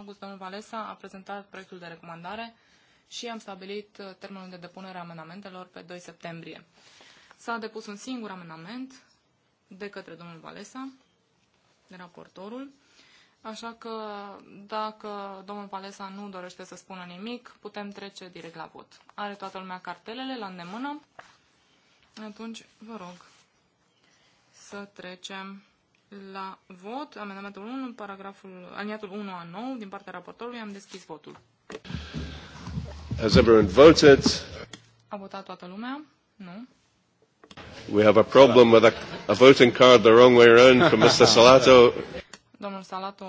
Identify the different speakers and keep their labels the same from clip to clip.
Speaker 1: august, domnul Valesa a prezentat proiectul de recomandare și am stabilit uh, termenul de depunere a amendamentelor pe 2 septembrie. S-a depus un singur amendament de către domnul Valesa, raportorul, așa că dacă domnul Valesa nu dorește să spună nimic, putem trece direct la vot. Are toată lumea cartelele la îndemână? Atunci vă rog să trecem la vot amendamentul 1, paragraful aliniatul 1 a 9 din partea raportorului. Am deschis votul.
Speaker 2: Has everyone voted?
Speaker 1: A votat toată lumea? Nu.
Speaker 2: We have a problem with a, a voting card the wrong way around from Mr. Salato.
Speaker 1: Domnul Salato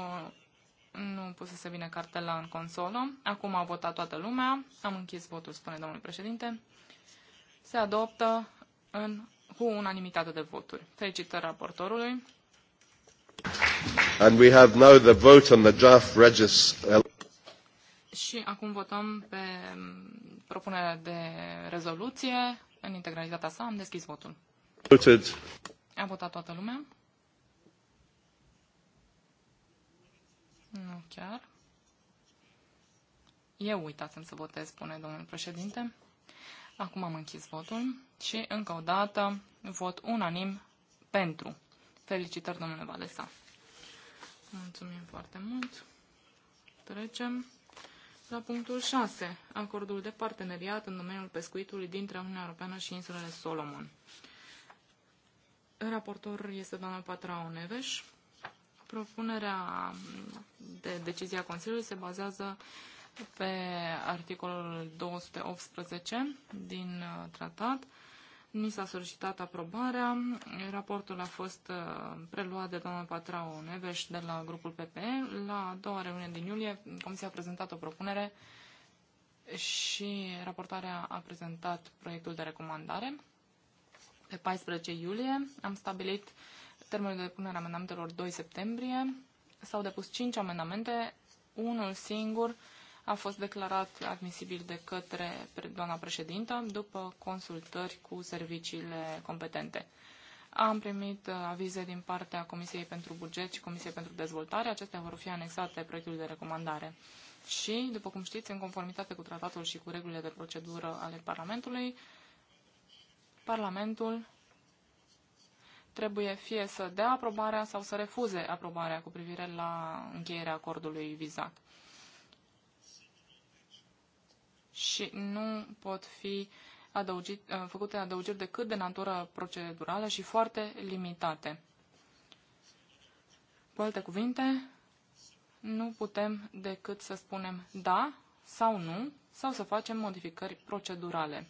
Speaker 1: nu pusese vină cartela în consolă. Acum a votat toată lumea. Am închis votul, spune domnul președinte. Se adoptă în, cu unanimitate de voturi. Felicitări raportorului.
Speaker 2: And we have now the vote on the draft register.
Speaker 1: Și acum votăm pe mm, propunerea de rezoluție în integralitatea sa. Am deschis votul. Voted. A votat toată lumea? Nu chiar. Eu uitasem să votez, spune domnul președinte. Acum am închis votul și, încă o dată, vot unanim pentru. Felicitări, domnule Valesa. Mulțumim foarte mult. Trecem la punctul 6. Acordul de parteneriat în domeniul pescuitului dintre Uniunea Europeană și insulele Solomon. Raportor este doamna Patrao Oneveș. Propunerea de decizia Consiliului se bazează pe articolul 218 din uh, tratat Ni s-a solicitat aprobarea. Raportul a fost uh, preluat de doamna Patrao Neveș de la grupul PP. La a doua reuniune din iulie, Comisia a prezentat o propunere și raportarea a prezentat proiectul de recomandare. Pe 14 iulie am stabilit termenul de depunere a amendamentelor 2 septembrie. S-au depus 5 amendamente, unul singur, a fost declarat admisibil de către doamna președintă după consultări cu serviciile competente. Am primit uh, avize din partea Comisiei pentru Buget și Comisiei pentru Dezvoltare. Acestea vor fi anexate proiectului de recomandare. Și, după cum știți, în conformitate cu tratatul și cu regulile de procedură ale Parlamentului, Parlamentul trebuie fie să dea aprobarea sau să refuze aprobarea cu privire la încheierea acordului vizat și nu pot fi adăugit, uh, făcute adăugiri decât de natură procedurală și foarte limitate. Cu alte cuvinte, nu putem decât să spunem da sau nu, sau să facem modificări procedurale.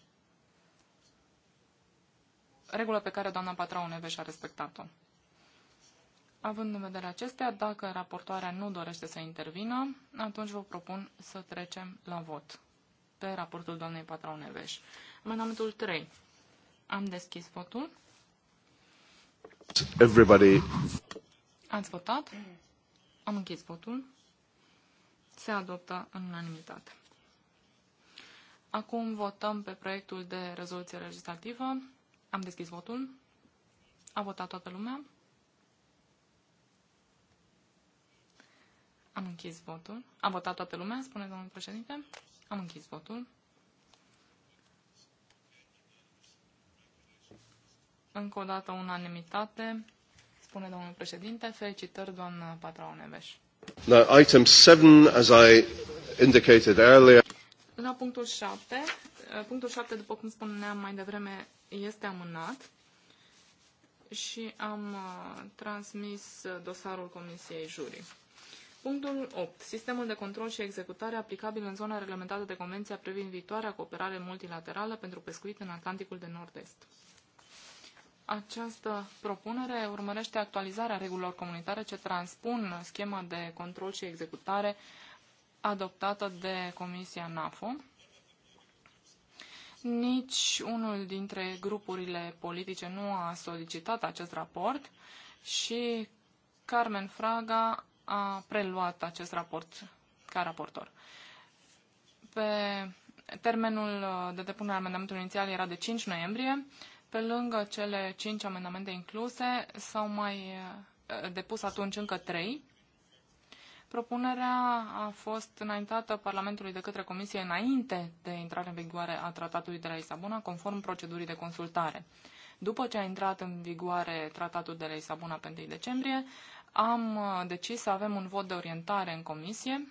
Speaker 1: Regulă pe care doamna Patrau Neveș a respectat-o. Având în vedere acestea, dacă raportoarea nu dorește să intervină, atunci vă propun să trecem la vot pe raportul doamnei Patrau Neveș. Amendamentul 3. Am deschis votul. Everybody. Ați votat? Am închis votul. Se adoptă în unanimitate. Acum votăm pe proiectul de rezoluție legislativă. Am deschis votul. A votat toată lumea. Am închis votul. A votat toată lumea, spune domnul președinte. Am închis votul. Încă o dată unanimitate, spune domnul președinte. Felicitări, doamnă Patrao Neveș.
Speaker 2: Now, item 7, as I indicated earlier.
Speaker 1: La punctul 7, eh, punctul 7, după cum spuneam mai devreme, este amânat și am eh, transmis dosarul Comisiei Jurii. Punctul 8. Sistemul de control și executare aplicabil în zona reglementată de Convenția privind viitoarea cooperare multilaterală pentru pescuit în Atlanticul de Nord-Est. Această propunere urmărește actualizarea regulilor comunitare ce transpun schema de control și executare adoptată de Comisia NAFO. Nici unul dintre grupurile politice nu a solicitat acest raport și Carmen Fraga a preluat acest raport ca raportor. Pe termenul uh, de depunere a amendamentului inițial era de 5 noiembrie. Pe lângă cele 5 amendamente incluse, s-au mai uh, depus atunci încă 3. Propunerea a fost înaintată Parlamentului de către Comisie înainte de intrare în vigoare a Tratatului de la Lisabona, conform procedurii de consultare. După ce a intrat în vigoare Tratatul de la Lisabona pe 1 decembrie, am uh, decis să avem un vot de orientare în comisie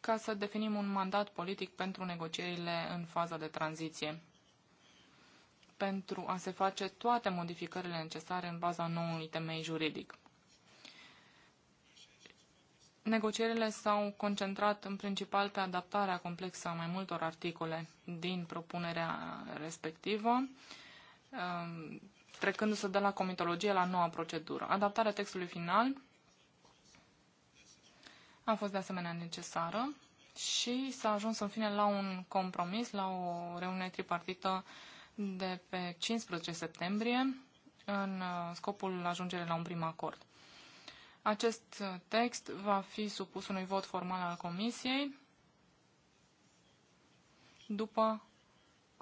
Speaker 1: ca să definim un mandat politic pentru negocierile în faza de tranziție, pentru a se face toate modificările necesare în baza noului temei juridic. Negocierile s-au concentrat în principal pe adaptarea complexă a mai multor articole din propunerea respectivă, um, trecându-se de la comitologie la noua procedură. Adaptarea textului final a fost de asemenea necesară și s-a ajuns în fine la un compromis, la o reuniune tripartită de pe 15 septembrie, în uh, scopul ajungerii la un prim acord. Acest text va fi supus unui vot formal al Comisiei după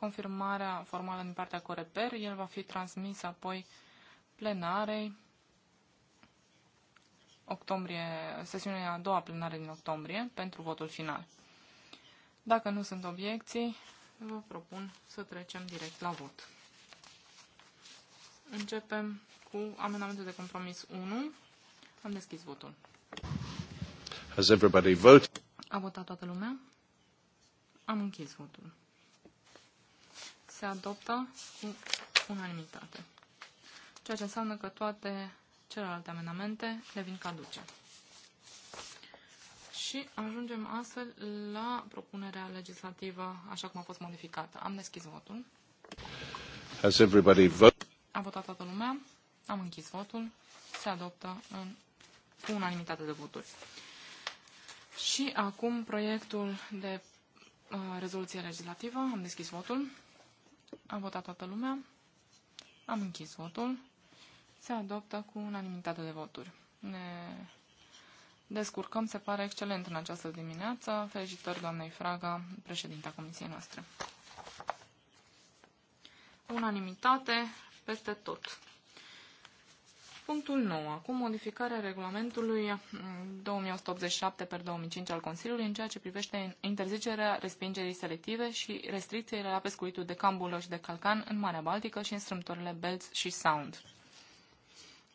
Speaker 1: confirmarea formală din partea Coreper. El va fi transmis apoi plenarei octombrie, sesiunea a doua plenare din octombrie pentru votul final. Dacă nu sunt obiecții, vă propun să trecem direct la vot. Începem cu amendamentul de compromis 1. Am deschis votul. Has everybody voted? A votat toată lumea. Am închis votul se adoptă cu unanimitate. Ceea ce înseamnă că toate celelalte amendamente devin caduce. Și ajungem astfel la propunerea legislativă așa cum a fost modificată. Am deschis votul. Has everybody vote? A votat toată lumea. Am închis votul. Se adoptă în cu unanimitate de voturi. Și acum proiectul de uh, rezoluție legislativă. Am deschis votul. A votat toată lumea. Am închis votul. Se adoptă cu unanimitate de voturi. Ne descurcăm, se pare excelent în această dimineață. Felicitări doamnei Fraga, președinta comisiei noastre. Unanimitate peste tot. Punctul 9. Cu modificarea regulamentului 2187 mm, per 2005 al Consiliului în ceea ce privește interzicerea respingerii selective și restricțiile la pescuitul de cambulă și de calcan în Marea Baltică și în strâmtorile Belts și Sound.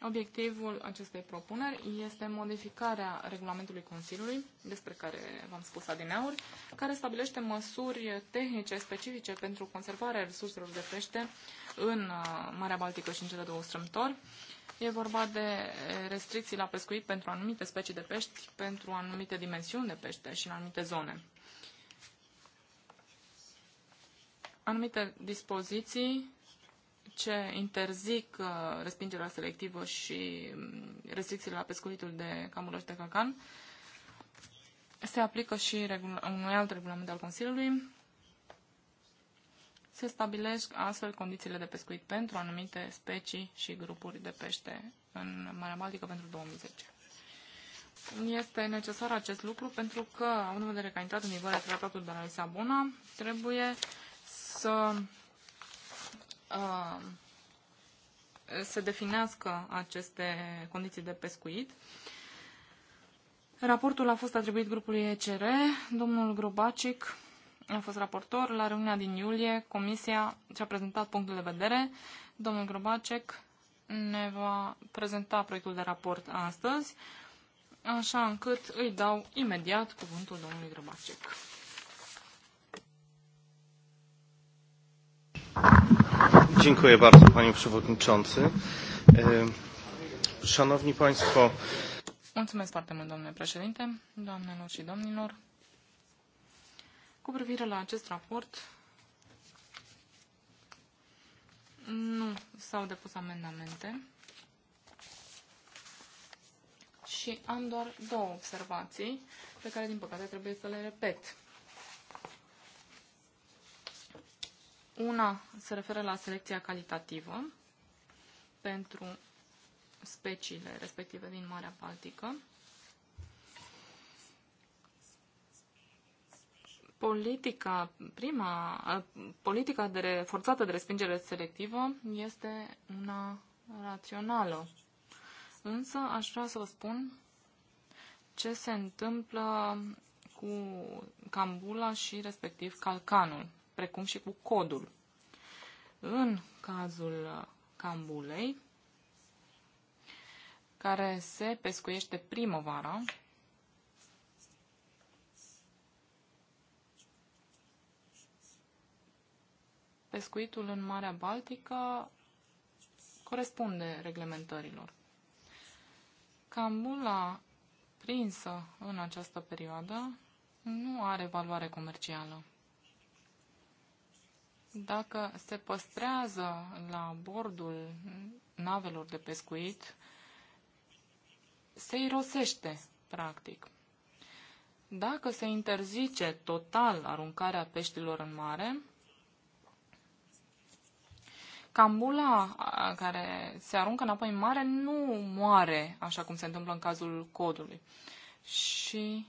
Speaker 1: Obiectivul acestei propuneri este modificarea regulamentului Consiliului, despre care v-am spus adineauri, care stabilește măsuri tehnice specifice pentru conservarea resurselor de pește în uh, Marea Baltică și în cele două strâmtori, E vorba de restricții la pescuit pentru anumite specii de pești, pentru anumite dimensiuni de pește și în anumite zone. Anumite dispoziții ce interzic respingerea selectivă și restricțiile la pescuitul de camuloși de cacan se aplică și unui alt regulament al Consiliului se stabilesc astfel condițiile de pescuit pentru anumite specii și grupuri de pește în Marea Baltică pentru 2010. Este necesar acest lucru pentru că, având în vedere că a intrat în vigoare tratatul de la Lisabona, trebuie să uh, se definească aceste condiții de pescuit. Raportul a fost atribuit grupului ECR. Domnul Grobacic am fost raportor la reuniunea din iulie. Comisia și-a prezentat punctul de vedere. Domnul Grobacek ne va prezenta proiectul de raport astăzi, așa încât îi dau imediat cuvântul domnului Grobacek.
Speaker 2: Dziękuję bardzo, panie przewodniczący. Szanowni państwo.
Speaker 1: Mulțumesc foarte mult, domnule președinte, doamnelor și domnilor. Cu privire la acest raport, nu s-au depus amendamente și am doar două observații pe care, din păcate, trebuie să le repet. Una se referă la selecția calitativă pentru speciile respective din Marea Baltică. politica, prima, politica de re, forțată de respingere selectivă este una rațională. Însă aș vrea să vă spun ce se întâmplă cu cambula și respectiv calcanul, precum și cu codul. În cazul cambulei, care se pescuiește primăvara, pescuitul în Marea Baltică corespunde reglementărilor. Cambula prinsă în această perioadă nu are valoare comercială. Dacă se păstrează la bordul navelor de pescuit, se irosește, practic. Dacă se interzice total aruncarea peștilor în mare, Cambula care se aruncă înapoi în mare nu moare, așa cum se întâmplă în cazul codului. Și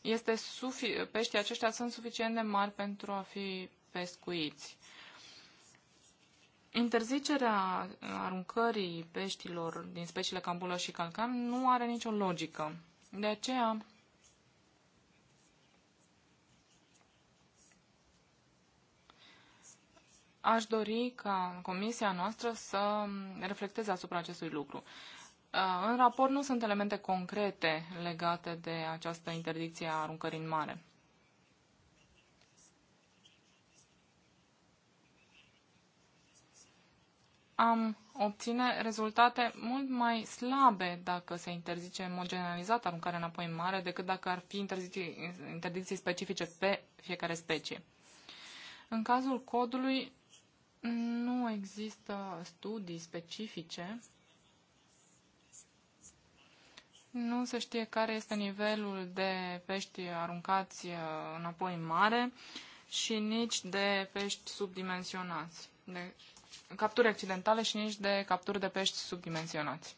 Speaker 1: este sufi- peștii aceștia sunt suficient de mari pentru a fi pescuiți. Interzicerea aruncării peștilor din speciile cambulă și calcan nu are nicio logică. De aceea, aș dori ca comisia noastră să reflecteze asupra acestui lucru. Uh, în raport nu sunt elemente concrete legate de această interdicție a aruncării în mare. Am obține rezultate mult mai slabe dacă se interzice în mod generalizat aruncarea înapoi în mare decât dacă ar fi interdicții, interdicții specifice pe fiecare specie. În cazul codului, nu există studii specifice. Nu se știe care este nivelul de pești aruncați uh, înapoi în mare și nici de pești subdimensionați, de capturi accidentale și nici de capturi de pești subdimensionați.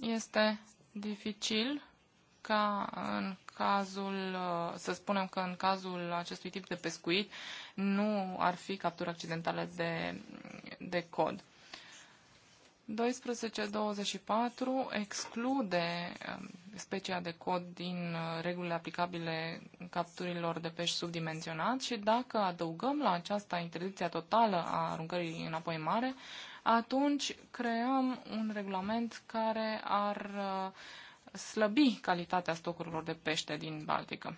Speaker 1: Este dificil ca în cazul, uh, să spunem că în cazul acestui tip de pescuit nu ar fi capturi accidentale de, de cod. 1224 exclude um, specia de cod din uh, regulile aplicabile capturilor de pești subdimensionat și dacă adăugăm la aceasta interdicția totală a aruncării înapoi mare, atunci creăm un regulament care ar uh, slăbi calitatea stocurilor de pește din Baltică.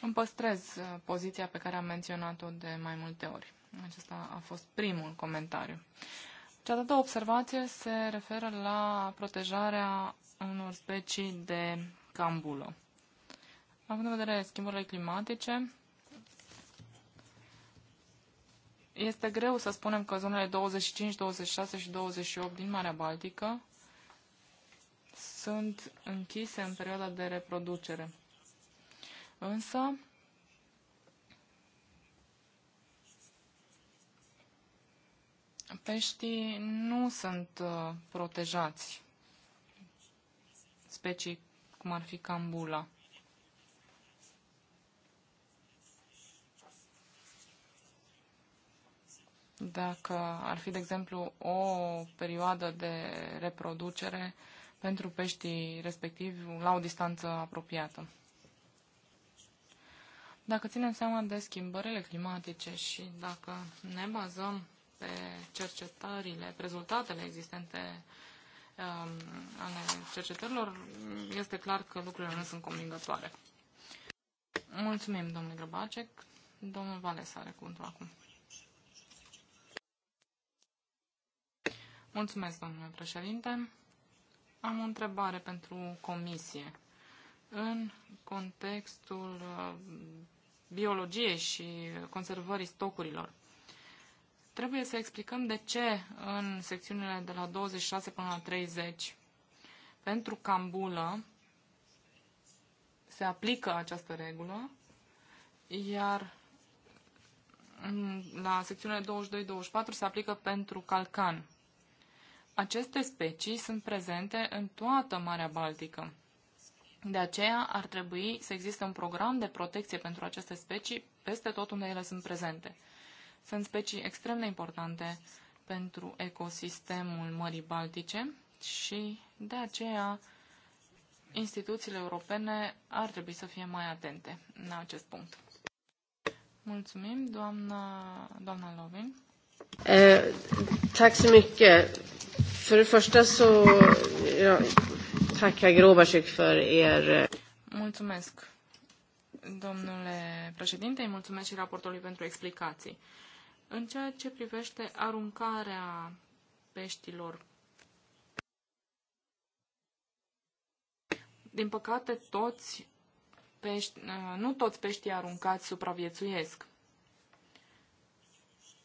Speaker 1: Îmi păstrez uh, poziția pe care am menționat-o de mai multe ori. Acesta a fost primul comentariu. Cea de-a doua observație se referă la protejarea unor specii de cambulă. Având în vedere schimbările climatice, Este greu să spunem că zonele 25, 26 și 28 din Marea Baltică sunt închise în perioada de reproducere. Însă, peștii nu sunt uh, protejați. Specii cum ar fi cambula. dacă ar fi, de exemplu, o perioadă de reproducere pentru peștii respectivi la o distanță apropiată. Dacă ținem seama de schimbările climatice și dacă ne bazăm pe cercetările, pe rezultatele existente um, ale cercetărilor, este clar că lucrurile nu sunt convingătoare. Mulțumim, domnule Grăbacec. Domnul Vales are cuvântul acum. Mulțumesc, domnule președinte. Am o întrebare pentru comisie. În contextul uh, biologiei și conservării stocurilor, trebuie să explicăm de ce în secțiunile de la 26 până la 30 pentru cambulă se aplică această regulă, iar la secțiunile 22-24 se aplică pentru calcan. Aceste specii sunt prezente în toată Marea Baltică. De aceea ar trebui să existe un program de protecție pentru aceste specii peste tot unde ele sunt prezente. Sunt specii extrem de importante pentru ecosistemul Mării Baltice și de aceea instituțiile europene ar trebui să fie mai atente la acest punct. Mulțumim, doamna, doamna Lovin. Eh, tack så mycket. För det första så ja, tackar Grobarczyk för er... Eh, mulțumesc, domnule președinte, îi mulțumesc și raportului pentru explicații. În ceea ce privește aruncarea peștilor, din păcate, toți pești, eh, nu toți peștii aruncați supraviețuiesc.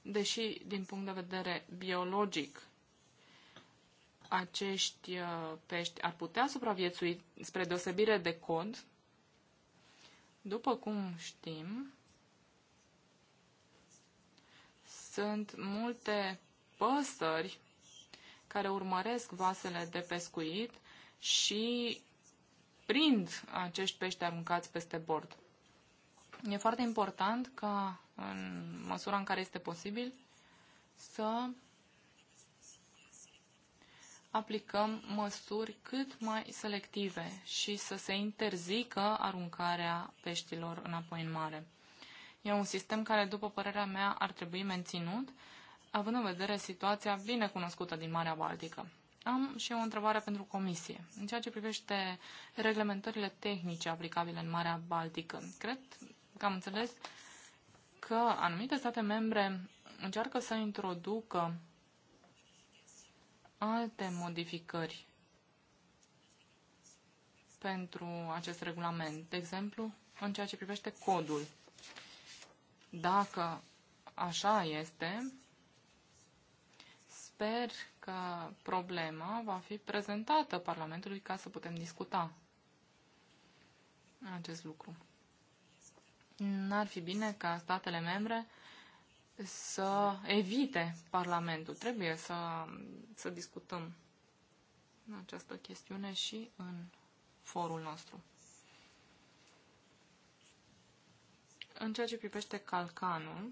Speaker 1: Deși, din punct de vedere biologic, acești uh, pești ar putea supraviețui spre deosebire de cod. După cum știm, sunt multe păsări care urmăresc vasele de pescuit și prind acești pești aruncați peste bord. E foarte important ca, în măsura în care este posibil, să aplicăm măsuri cât mai selective și să se interzică aruncarea peștilor înapoi în mare. E un sistem care, după părerea mea, ar trebui menținut, având în vedere situația bine cunoscută din Marea Baltică. Am și o întrebare pentru Comisie. În ceea ce privește reglementările tehnice aplicabile în Marea Baltică, cred că am înțeles că anumite state membre încearcă să introducă alte modificări pentru acest regulament. De exemplu, în ceea ce privește codul. Dacă așa este, sper că problema va fi prezentată Parlamentului ca să putem discuta acest lucru. N-ar fi bine ca statele membre să evite Parlamentul. Trebuie să, să discutăm această chestiune și în forul nostru. În ceea ce privește calcanul,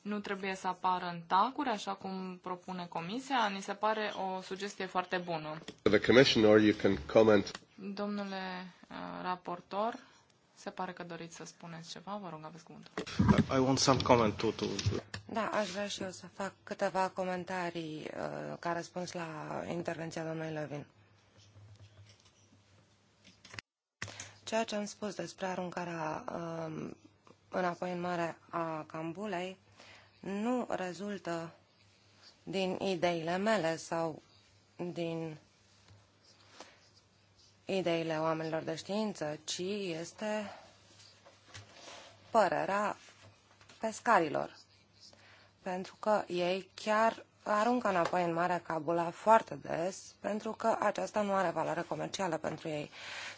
Speaker 1: nu trebuie să apară în tacuri, așa cum propune Comisia. Ni se pare o sugestie foarte bună. The commissioner, you can comment. Domnule uh, raportor, se pare că doriți să spuneți ceva, vă rog, aveți cuvântul.
Speaker 2: I want some comment to, to... Da, aș vrea și eu să fac câteva comentarii uh, ca răspuns la intervenția domnului Levin. Ceea ce am spus despre aruncarea uh, înapoi în mare a Cambulei nu rezultă din ideile mele sau din ideile oamenilor de știință, ci este părerea pescarilor. Pentru că ei chiar aruncă înapoi în mare cabula foarte des, pentru că aceasta nu are valoare comercială pentru ei.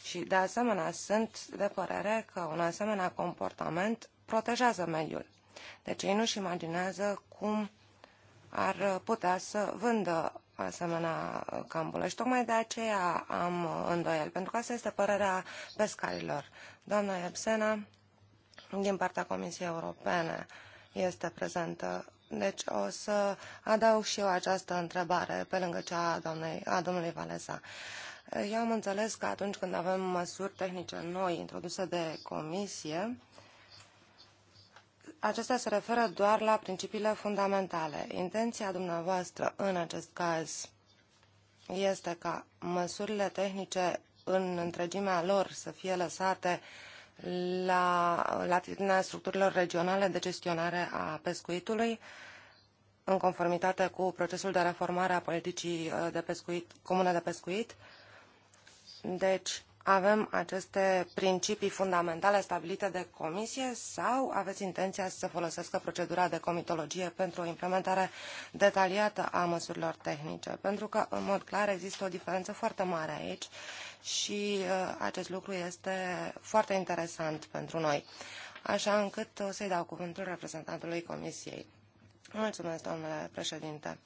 Speaker 2: Și de asemenea sunt de părere că un asemenea comportament protejează mediul. Deci ei nu-și imaginează cum ar putea să vândă asemenea uh, campulă. Și tocmai de aceea am uh, îndoiel, pentru că asta este părerea pescarilor. Doamna Iepsena, din partea Comisiei Europene, este prezentă. Deci o să adaug și eu această întrebare pe lângă cea a, doamnei, a domnului Valesa. Eu am înțeles că atunci când avem măsuri tehnice noi introduse de comisie, acesta se referă doar la principiile fundamentale. Intenția dumneavoastră în acest caz este ca măsurile tehnice în întregimea lor să fie lăsate la latitudinea structurilor regionale de gestionare a pescuitului în conformitate cu procesul de reformare a politicii uh, de pescuit, comune de pescuit. Deci, avem aceste principii fundamentale stabilite de comisie sau aveți intenția să folosească procedura de comitologie pentru o implementare detaliată a măsurilor tehnice? Pentru că, în mod clar, există o diferență foarte mare aici și uh, acest lucru este foarte interesant pentru noi. Așa încât o să-i dau cuvântul reprezentantului comisiei. Mulțumesc, domnule președinte.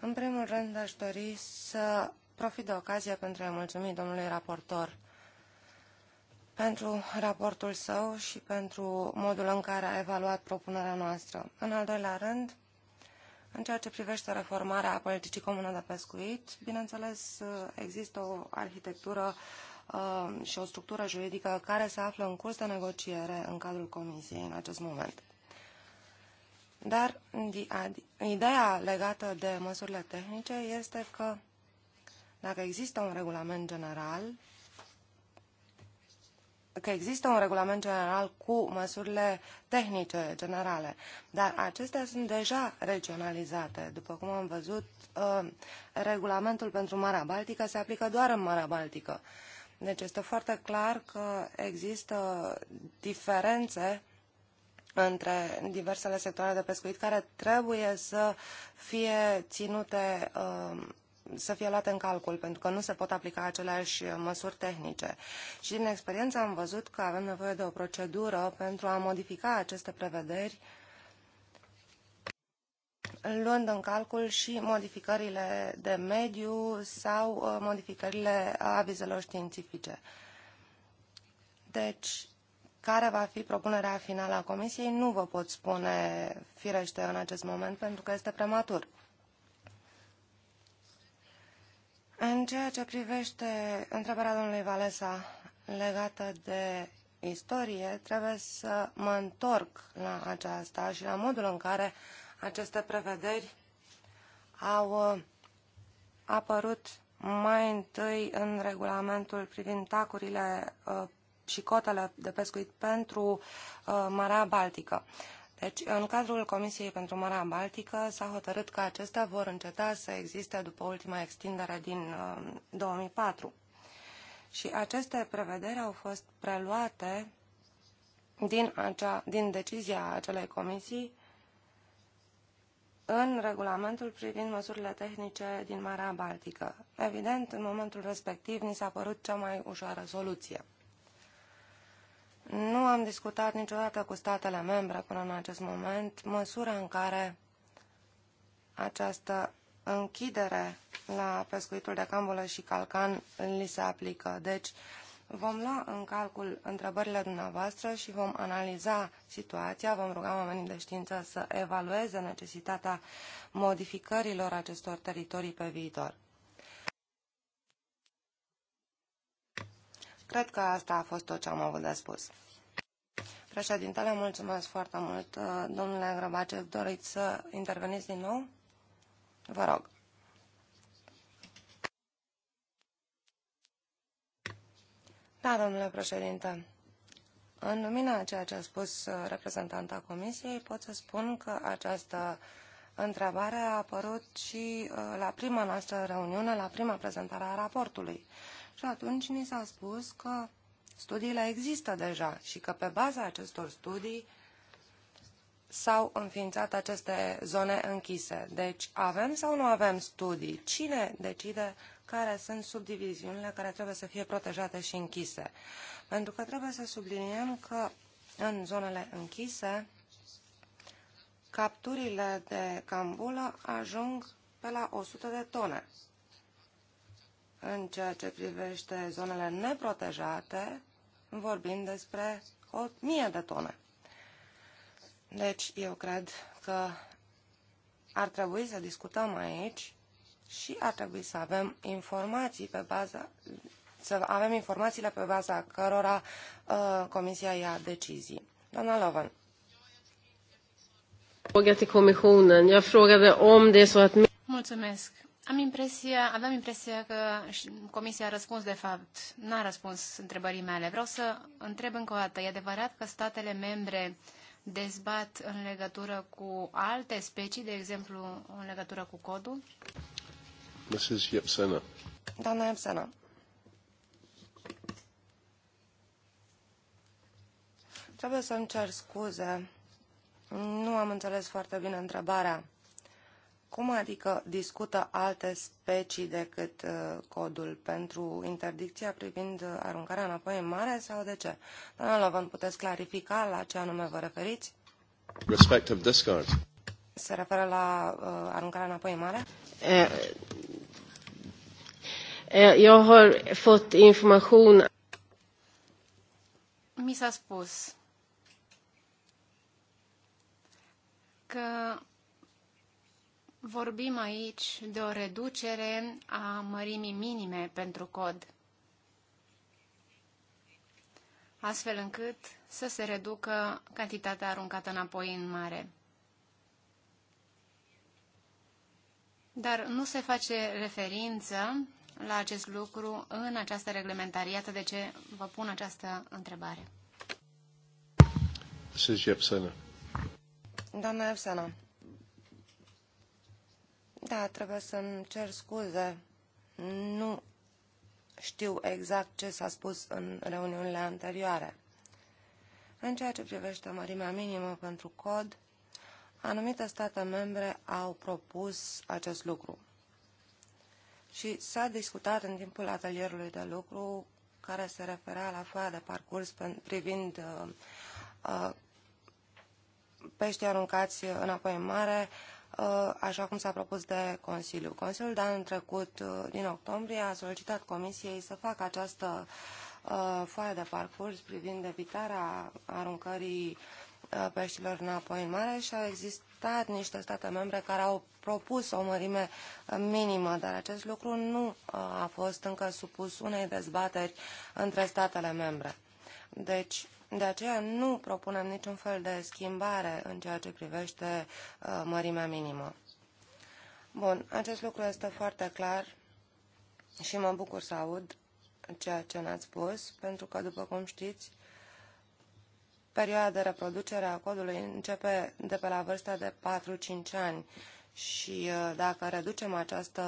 Speaker 2: În primul rând, aș dori să profit de ocazie pentru a-i mulțumi domnului raportor pentru raportul său și pentru modul în care a evaluat propunerea noastră. În al doilea rând, în ceea ce privește reformarea politicii comune de pescuit, bineînțeles, există o arhitectură uh, și o structură juridică care se află în curs de negociere în cadrul Comisiei în acest moment. Dar ideea legată de măsurile tehnice este că dacă există un regulament general, că există un regulament general cu măsurile tehnice generale, dar acestea sunt deja regionalizate. După cum am văzut, uh, regulamentul pentru Marea Baltică se aplică doar în Marea Baltică. Deci este foarte clar că există diferențe între diversele sectoare de pescuit care trebuie să fie ținute uh, să fie luate în calcul, pentru că nu se pot aplica aceleași măsuri tehnice. Și din experiență am văzut că avem nevoie de o procedură pentru a modifica aceste prevederi luând în calcul și modificările de mediu sau uh, modificările avizelor științifice. Deci, care va fi propunerea finală a Comisiei, nu vă pot spune firește în acest moment, pentru că este prematur. În ceea ce privește întrebarea domnului Valesa legată de istorie, trebuie să mă întorc la aceasta și la modul în care aceste prevederi au uh, apărut mai întâi în regulamentul privind tacurile uh, și cotele de pescuit pentru uh, Marea Baltică. Deci, în cadrul Comisiei pentru Marea Baltică s-a hotărât că acestea vor înceta să existe după ultima extindere din 2004. Uh, Și aceste prevederi au fost preluate din, acea, din decizia acelei comisii în regulamentul privind măsurile tehnice din Marea Baltică. Evident, în momentul respectiv, ni s-a părut cea mai ușoară soluție. Nu am discutat niciodată cu statele membre până în acest moment măsura în care această închidere la pescuitul de cambulă și calcan li se aplică. Deci vom lua în calcul întrebările dumneavoastră și vom analiza situația, vom ruga oamenii de știință să evalueze necesitatea modificărilor acestor teritorii pe viitor. Cred că asta a fost tot ce am avut de spus. Președintele, mulțumesc foarte mult. Uh, domnule Grăbacev, doriți să interveniți din nou? Vă rog. Da, domnule președinte. În lumina a ceea ce a spus uh, reprezentanta Comisiei, pot să spun că această întrebare a apărut și uh, la prima noastră reuniune, la prima prezentare a raportului. Și atunci ni s-a spus că studiile există deja și că pe baza acestor studii s-au înființat aceste zone închise. Deci avem sau nu avem studii? Cine decide care sunt subdiviziunile care trebuie să fie protejate și închise? Pentru că trebuie să subliniem că în zonele închise capturile de cambulă ajung pe la 100 de tone în ceea ce privește zonele neprotejate, vorbim despre o mie de tone. Deci, eu cred că ar trebui să discutăm aici și ar trebui să avem informații pe baza să avem informațiile pe baza cărora uh, Comisia ia decizii. Doamna Lovan.
Speaker 3: Mulțumesc. Am impresia, aveam impresia că Comisia a răspuns, de fapt, n-a răspuns întrebării mele. Vreau să întreb încă o dată, e adevărat că statele membre dezbat în legătură cu alte specii, de exemplu, în legătură cu
Speaker 2: codul?
Speaker 1: Mrs. Yepsena.
Speaker 2: Doamna Yepsena. Trebuie să-mi cer scuze. Nu am înțeles foarte bine întrebarea. Cum adică discută alte specii decât uh, codul pentru interdicția privind uh, aruncarea înapoi în mare sau de ce? Doamna Lovan, puteți clarifica la ce anume vă referiți?
Speaker 1: Respective discard.
Speaker 2: Se referă la uh, aruncarea înapoi în mare?
Speaker 3: Uh, uh, eu har Mi s-a spus că Vorbim aici de o reducere a mărimii minime pentru cod, astfel încât să se reducă cantitatea aruncată înapoi în mare. Dar nu se face referință la acest lucru în această reglementare. Iată de ce vă pun această întrebare.
Speaker 2: Doamna Evsana. Da, trebuie să-mi cer scuze. Nu știu exact ce s-a spus în reuniunile anterioare. În ceea ce privește mărimea minimă pentru cod, anumite state membre au propus acest lucru. Și s-a discutat în timpul atelierului de lucru care se referea la foaia de parcurs privind uh, uh, peștii aruncați înapoi în mare, uh, Uh, așa cum s-a propus de Consiliu. Consiliul de anul trecut, uh, din octombrie, a solicitat Comisiei să facă această uh, foaie de parcurs privind evitarea aruncării peștilor înapoi în mare și au existat niște state membre care au propus o mărime minimă, dar acest lucru nu a fost încă supus unei dezbateri între statele membre. Deci, de aceea nu propunem niciun fel de schimbare în ceea ce privește uh, mărimea minimă. Bun, acest lucru este foarte clar și mă bucur să aud ceea ce ne-ați spus, pentru că, după cum știți, perioada de reproducere a codului începe de pe la vârsta de 4-5 ani și uh, dacă reducem această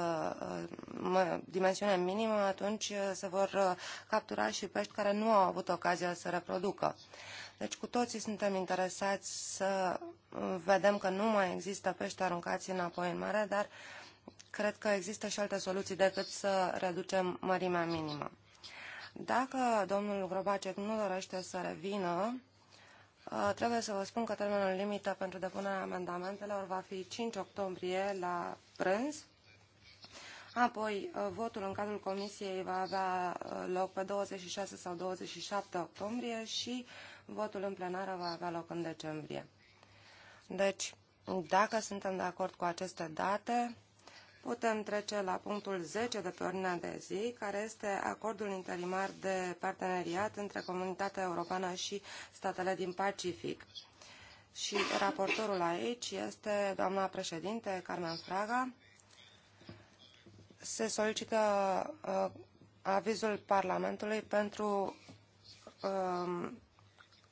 Speaker 2: uh, dimensiune minimă, atunci uh, se vor captura și pești care nu au avut ocazia să reproducă. Deci cu toții suntem interesați să vedem că nu mai există pești aruncați înapoi în mare, dar cred că există și alte soluții decât să reducem mărimea minimă. Dacă domnul Grobacek nu dorește să revină, Uh, trebuie să vă spun că termenul limită pentru depunerea amendamentelor va fi 5 octombrie la prânz. Apoi, uh, votul în cadrul comisiei va avea uh, loc pe 26 sau 27 octombrie și votul în plenară va avea loc în decembrie. Deci, dacă suntem de acord cu aceste date, Putem trece la punctul 10 de pe ordinea de zi, care este acordul interimar de parteneriat între Comunitatea Europeană și statele din Pacific. Și raportorul aici este doamna președinte Carmen Fraga. Se solicită uh, avizul Parlamentului pentru uh,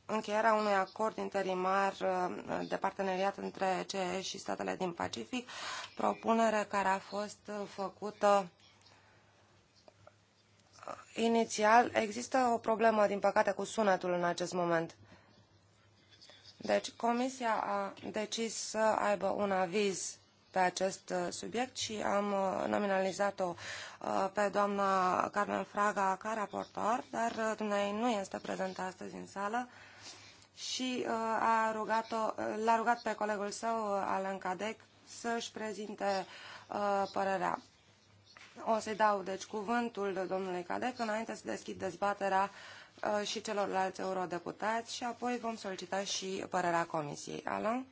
Speaker 2: încheierea unui acord interimar uh, de parteneriat între CE și statele din Pacific, propunere care a fost făcută uh, inițial. Există o problemă, din păcate, cu sunetul în acest moment. Deci, Comisia a decis să aibă un aviz pe acest uh, subiect și am uh, nominalizat-o uh, pe doamna Carmen Fraga ca raportor, dar dumneavoastră nu este prezentă astăzi în sală și a rugat l-a rugat pe colegul său, Alan Cadec, să-și prezinte părerea. O să-i dau, deci, cuvântul domnului Cadec înainte să deschid dezbaterea și celorlalți eurodeputați și apoi vom solicita și părerea Comisiei. Alan?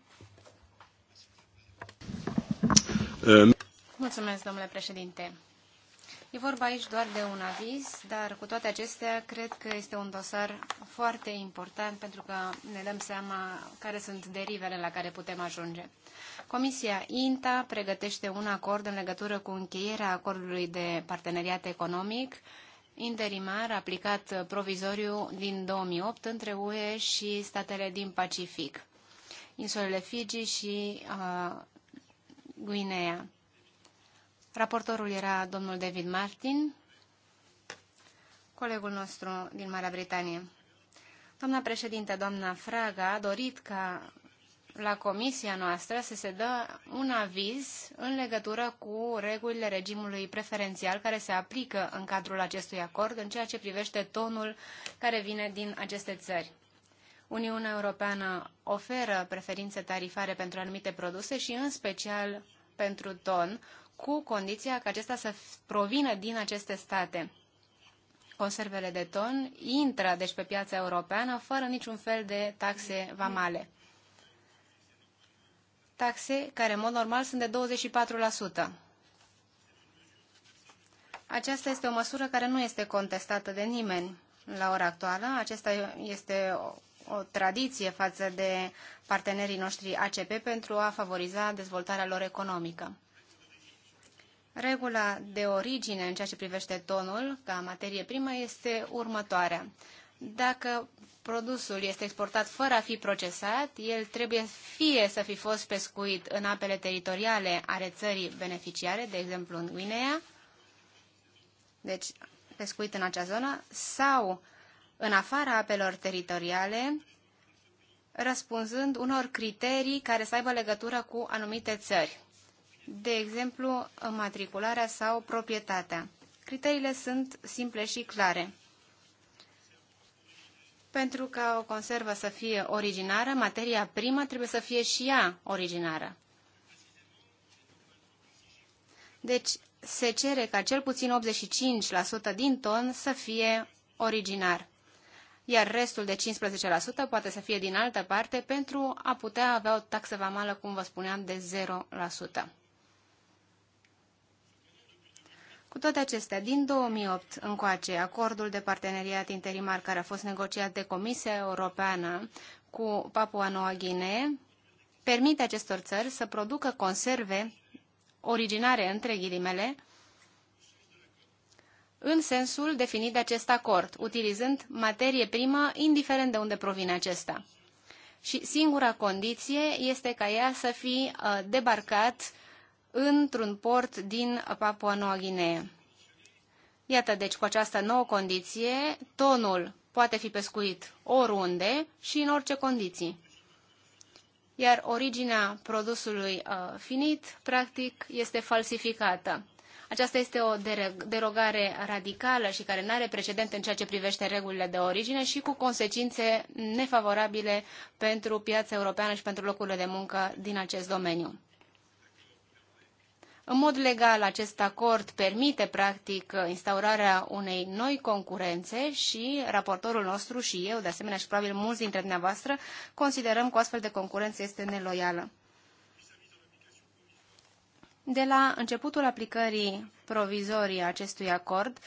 Speaker 3: Ehm. Mulțumesc, domnule președinte. E vorba aici doar de un aviz, dar cu toate acestea cred că este un dosar foarte important pentru că ne dăm seama care sunt derivele la care putem ajunge. Comisia INTA pregătește un acord în legătură cu încheierea acordului de parteneriat economic interimar aplicat provizoriu din 2008 între UE și statele din Pacific, insulele Fiji și uh, Guinea. Raportorul era domnul David Martin, colegul nostru din Marea Britanie. Doamna președinte, doamna Fraga a dorit ca la comisia noastră să se dă un aviz în legătură cu regulile regimului preferențial care se aplică în cadrul acestui acord în ceea ce privește tonul care vine din aceste țări. Uniunea Europeană oferă preferințe tarifare pentru anumite produse și în special pentru ton, cu condiția ca acesta să provină din aceste state. Conservele de ton intră deci pe piața europeană fără niciun fel de taxe vamale. Taxe care în mod normal sunt de 24%. Aceasta este o măsură care nu este contestată de nimeni la ora actuală. Acesta este o tradiție față de partenerii noștri ACP pentru a favoriza dezvoltarea lor economică. Regula de origine în ceea ce privește tonul ca materie primă este următoarea. Dacă produsul este exportat fără a fi procesat, el trebuie fie să fi fost pescuit în apele teritoriale ale țării beneficiare, de exemplu în Guinea, deci pescuit în acea zonă, sau în afara apelor teritoriale, răspunzând unor criterii care să aibă legătură cu anumite țări, de exemplu, matricularea sau proprietatea. Criteriile sunt simple și clare. Pentru ca o conservă să fie originară, materia primă trebuie să fie și ea originară. Deci, se cere ca cel puțin 85% din ton să fie originar iar restul de 15% poate să fie din altă parte pentru a putea avea o taxă vamală, cum vă spuneam, de 0%. Cu toate acestea, din 2008 încoace, acordul de parteneriat interimar care a fost negociat de Comisia Europeană cu Papua Noua Guinee permite acestor țări să producă conserve originare între ghilimele în sensul definit de acest acord, utilizând materie primă indiferent de unde provine acesta. Și singura condiție este ca ea să fi uh, debarcat într-un port din Papua Noua Guinee. Iată, deci, cu această nouă condiție, tonul poate fi pescuit oriunde și în orice condiții. Iar originea produsului uh, finit, practic, este falsificată. Aceasta este o derogare radicală și care nu are precedent în ceea ce privește regulile de origine și cu consecințe nefavorabile pentru piața europeană și pentru locurile de muncă din acest domeniu. În mod legal, acest acord permite, practic, instaurarea unei noi concurențe și raportorul nostru și eu, de asemenea și probabil mulți dintre dumneavoastră, considerăm că o astfel de concurență este neloială. De la începutul aplicării provizorii acestui acord,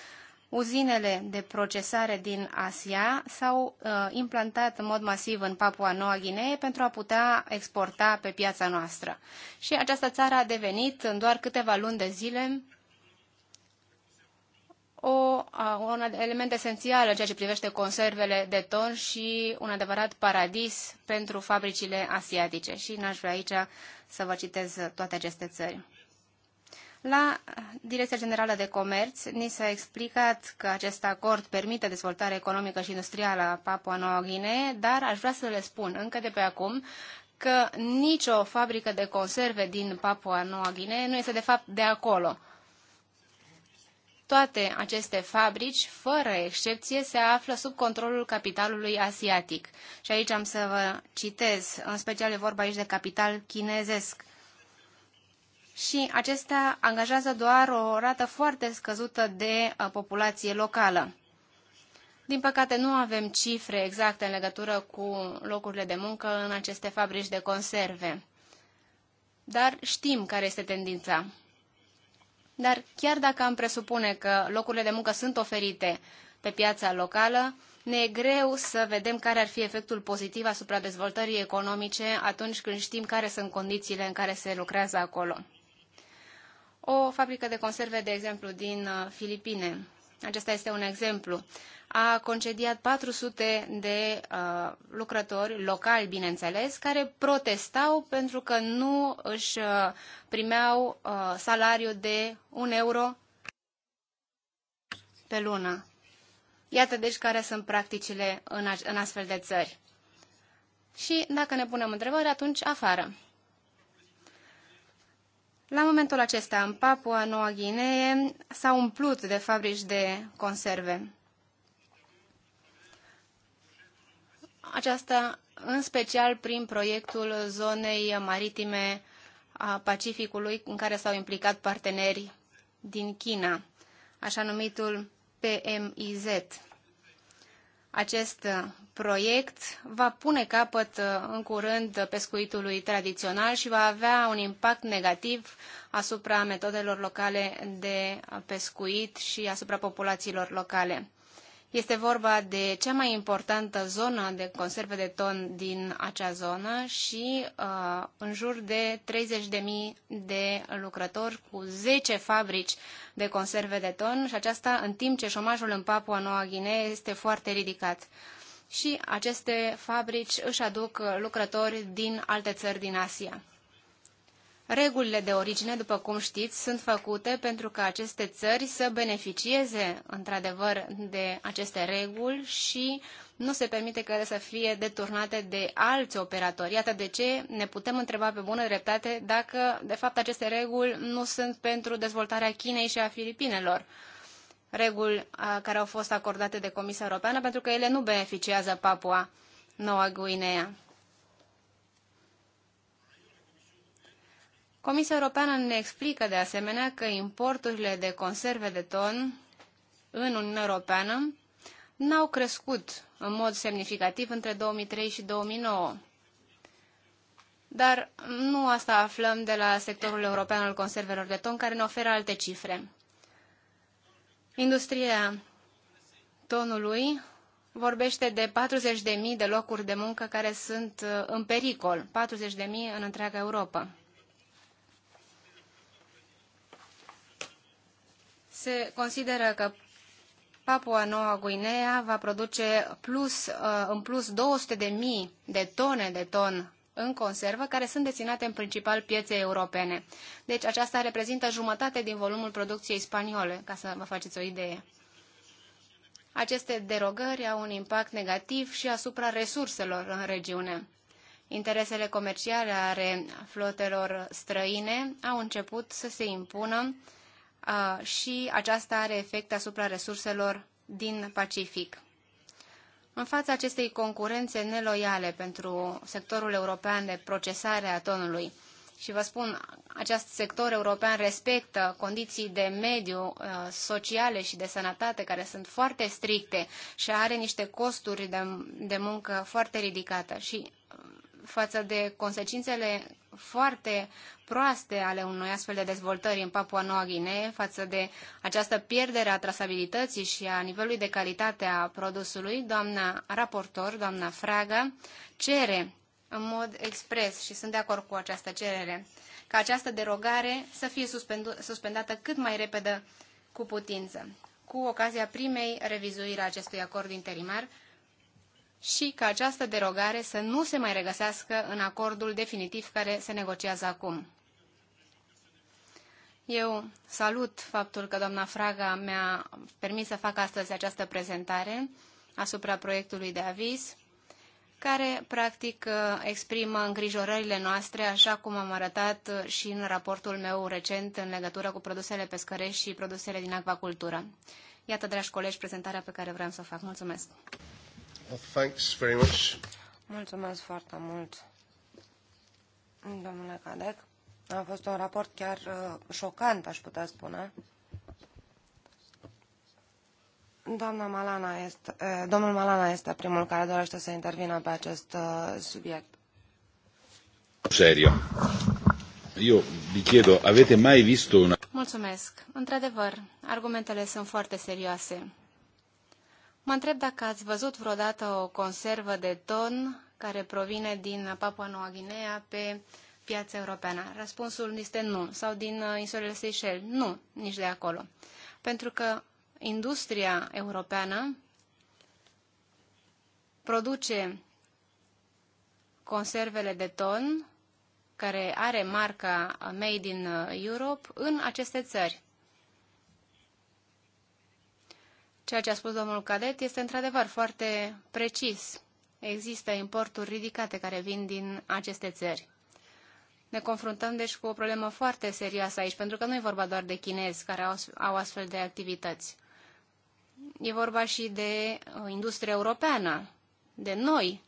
Speaker 3: uzinele de procesare din Asia s-au uh, implantat în mod masiv în Papua Noua Guinee pentru a putea exporta pe piața noastră. Și această țară a devenit în doar câteva luni de zile o, uh, un element esențial în ceea ce privește conservele de ton și un adevărat paradis pentru fabricile asiatice. Și n-aș vrea aici să vă citez toate aceste țări. La Direcția Generală de Comerț ni s-a explicat că acest acord permite dezvoltarea economică și industrială a Papua Noua Guinee, dar aș vrea să le spun încă de pe acum că nicio fabrică de conserve din Papua Noua Guinee nu este de fapt de acolo. Toate aceste fabrici, fără excepție, se află sub controlul capitalului asiatic. Și aici am să vă citez, în special e vorba aici de capital chinezesc și acestea angajează doar o rată foarte scăzută de uh, populație locală. Din păcate, nu avem cifre exacte în legătură cu locurile de muncă în aceste fabrici de conserve. Dar știm care este tendința. Dar chiar dacă am presupune că locurile de muncă sunt oferite pe piața locală, ne e greu să vedem care ar fi efectul pozitiv asupra dezvoltării economice atunci când știm care sunt condițiile în care se lucrează acolo o fabrică de conserve, de exemplu, din uh, Filipine, acesta este un exemplu, a concediat 400 de uh, lucrători locali, bineînțeles, care protestau pentru că nu își uh, primeau uh, salariul de un euro pe lună. Iată deci care sunt practicile în, în astfel de țări. Și dacă ne punem întrebări, atunci afară. La momentul acesta, în Papua Noua Guinee, s au umplut de fabrici de conserve. Aceasta în special prin proiectul zonei maritime a Pacificului, în care s-au implicat parteneri din China, așa numitul PMIZ. Acest proiect va pune capăt uh, în curând pescuitului tradițional și va avea un impact negativ asupra metodelor locale de pescuit și asupra populațiilor locale. Este vorba de cea mai importantă zonă de conserve de ton din acea zonă și uh, în jur de 30.000 de lucrători cu 10 fabrici de conserve de ton și aceasta în timp ce șomajul în Papua Noua Guinee este foarte ridicat și aceste fabrici își aduc lucrători din alte țări din Asia. Regulile de origine, după cum știți, sunt făcute pentru ca aceste țări să beneficieze într-adevăr de aceste reguli și nu se permite că să fie deturnate de alți operatori. Iată de ce ne putem întreba pe bună dreptate dacă, de fapt, aceste reguli nu sunt pentru dezvoltarea Chinei și a Filipinelor reguli care au fost acordate de Comisia Europeană, pentru că ele nu beneficiază Papua Noua Guinea. Comisia Europeană ne explică de asemenea că importurile de conserve de ton în Uniunea Europeană n-au crescut în mod semnificativ între 2003 și 2009. Dar nu asta aflăm de la sectorul european al conservelor de ton, care ne oferă alte cifre. Industria tonului vorbește de 40.000 de locuri de muncă care sunt uh, în pericol, 40.000 în întreaga Europa. Se consideră că Papua Noua Guinea va produce plus, uh, în plus 200.000 de tone de ton în conservă, care sunt destinate în principal pieței europene. Deci aceasta reprezintă jumătate din volumul producției spaniole, ca să vă faceți o idee. Aceste derogări au un impact negativ și asupra resurselor în regiune. Interesele comerciale ale flotelor străine au început să se impună și aceasta are efect asupra resurselor din Pacific. În fața acestei concurențe neloiale pentru sectorul european de procesare a tonului, și vă spun, acest sector european respectă condiții de mediu uh, sociale și de sănătate care sunt foarte stricte și are niște costuri de, de muncă foarte ridicate. Și față de consecințele foarte proaste ale unui astfel de dezvoltări în Papua Noua Guinee, față de această pierdere a trasabilității și a nivelului de calitate a produsului, doamna raportor, doamna Fraga, cere în mod expres și sunt de acord cu această cerere, ca această derogare să fie suspendată cât mai repede cu putință. Cu ocazia primei revizuiri a acestui acord interimar, și ca această derogare să nu se mai regăsească în acordul definitiv care se negociază acum. Eu salut faptul că doamna Fraga mi-a permis să fac astăzi această prezentare asupra proiectului de aviz, care practic exprimă îngrijorările noastre, așa cum am arătat și în raportul meu recent în legătură cu produsele pescărești și produsele din acvacultură. Iată, dragi colegi, prezentarea pe care vreau să o fac.
Speaker 2: Mulțumesc! Thanks very much. Mulțumesc foarte mult, domnule Cadec. A fost un raport chiar uh, șocant, aș putea spune. Doamna Malana este, uh, domnul Malana este primul care dorește să intervină pe acest uh, subiect.
Speaker 1: Serio. Eu vi chiedo, avete mai visto una...
Speaker 3: Mulțumesc. Într-adevăr, argumentele sunt foarte serioase. Mă întreb dacă ați văzut vreodată o conservă de ton care provine din Papua Noua Guinea pe piața europeană. Răspunsul este nu. Sau din uh, insulele Seychelles. Nu, nici de acolo. Pentru că industria europeană produce conservele de ton care are marca uh, Made in uh, Europe în aceste țări. Ceea ce a spus domnul Cadet este într-adevăr foarte precis. Există importuri ridicate care vin din aceste țări. Ne confruntăm deci cu o problemă foarte serioasă aici, pentru că nu e vorba doar de chinezi care au, astfel de activități. E vorba și de uh, industria europeană, de noi,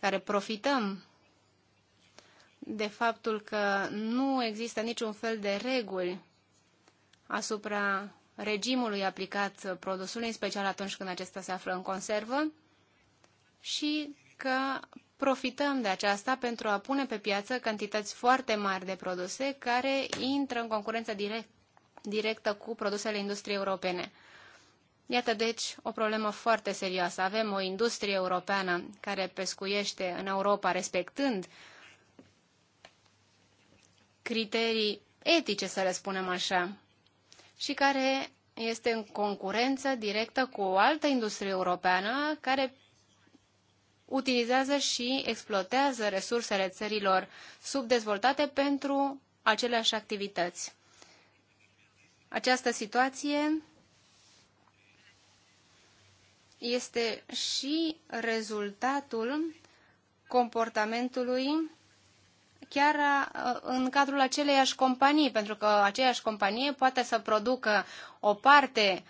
Speaker 3: care profităm de faptul că nu există niciun fel de reguli asupra regimului aplicat produsului, în special atunci când acesta se află în conservă, și că profităm de aceasta pentru a pune pe piață cantități foarte mari de produse care intră în concurență direct, directă cu produsele industriei europene. Iată deci o problemă foarte serioasă. Avem o industrie europeană care pescuiește în Europa respectând criterii etice, să le spunem așa, și care este în concurență directă cu o altă industrie europeană care utilizează și exploatează resursele țărilor subdezvoltate pentru aceleași activități. Această situație este și rezultatul comportamentului chiar în cadrul aceleiași companii, pentru că aceeași companie poate să producă o parte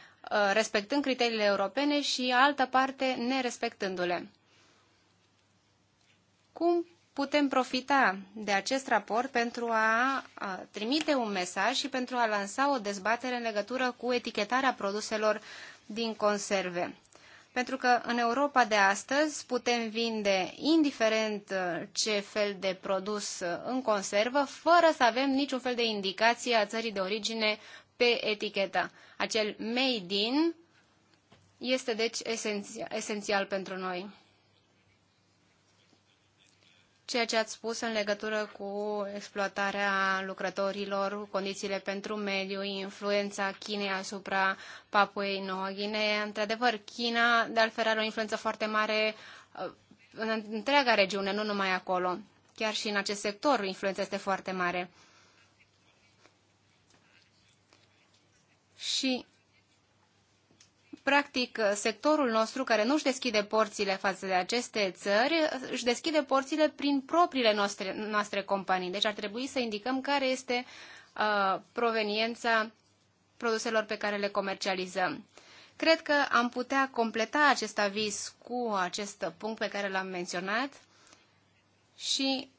Speaker 3: respectând criteriile europene și altă parte nerespectându-le. Cum putem profita de acest raport pentru a trimite un mesaj și pentru a lansa o dezbatere în legătură cu etichetarea produselor din conserve? Pentru că în Europa de astăzi putem vinde indiferent uh, ce fel de produs uh, în conservă, fără să avem niciun fel de indicație a țării de origine pe etichetă. Acel made in este deci esențial, esențial pentru noi ceea ce ați spus în legătură cu exploatarea lucrătorilor, condițiile pentru mediu, influența Chinei asupra Papuei Noua Guinee. Într-adevăr, China, de altfel, are o influență foarte mare uh, în întreaga regiune, nu numai acolo. Chiar și în acest sector, influența este foarte mare. Și Practic, sectorul nostru, care nu își deschide porțile față de aceste țări, își deschide porțile prin propriile noastre, noastre companii. Deci ar trebui să indicăm care este uh, proveniența produselor pe care le comercializăm. Cred că am putea completa acest aviz cu acest punct pe care l-am menționat și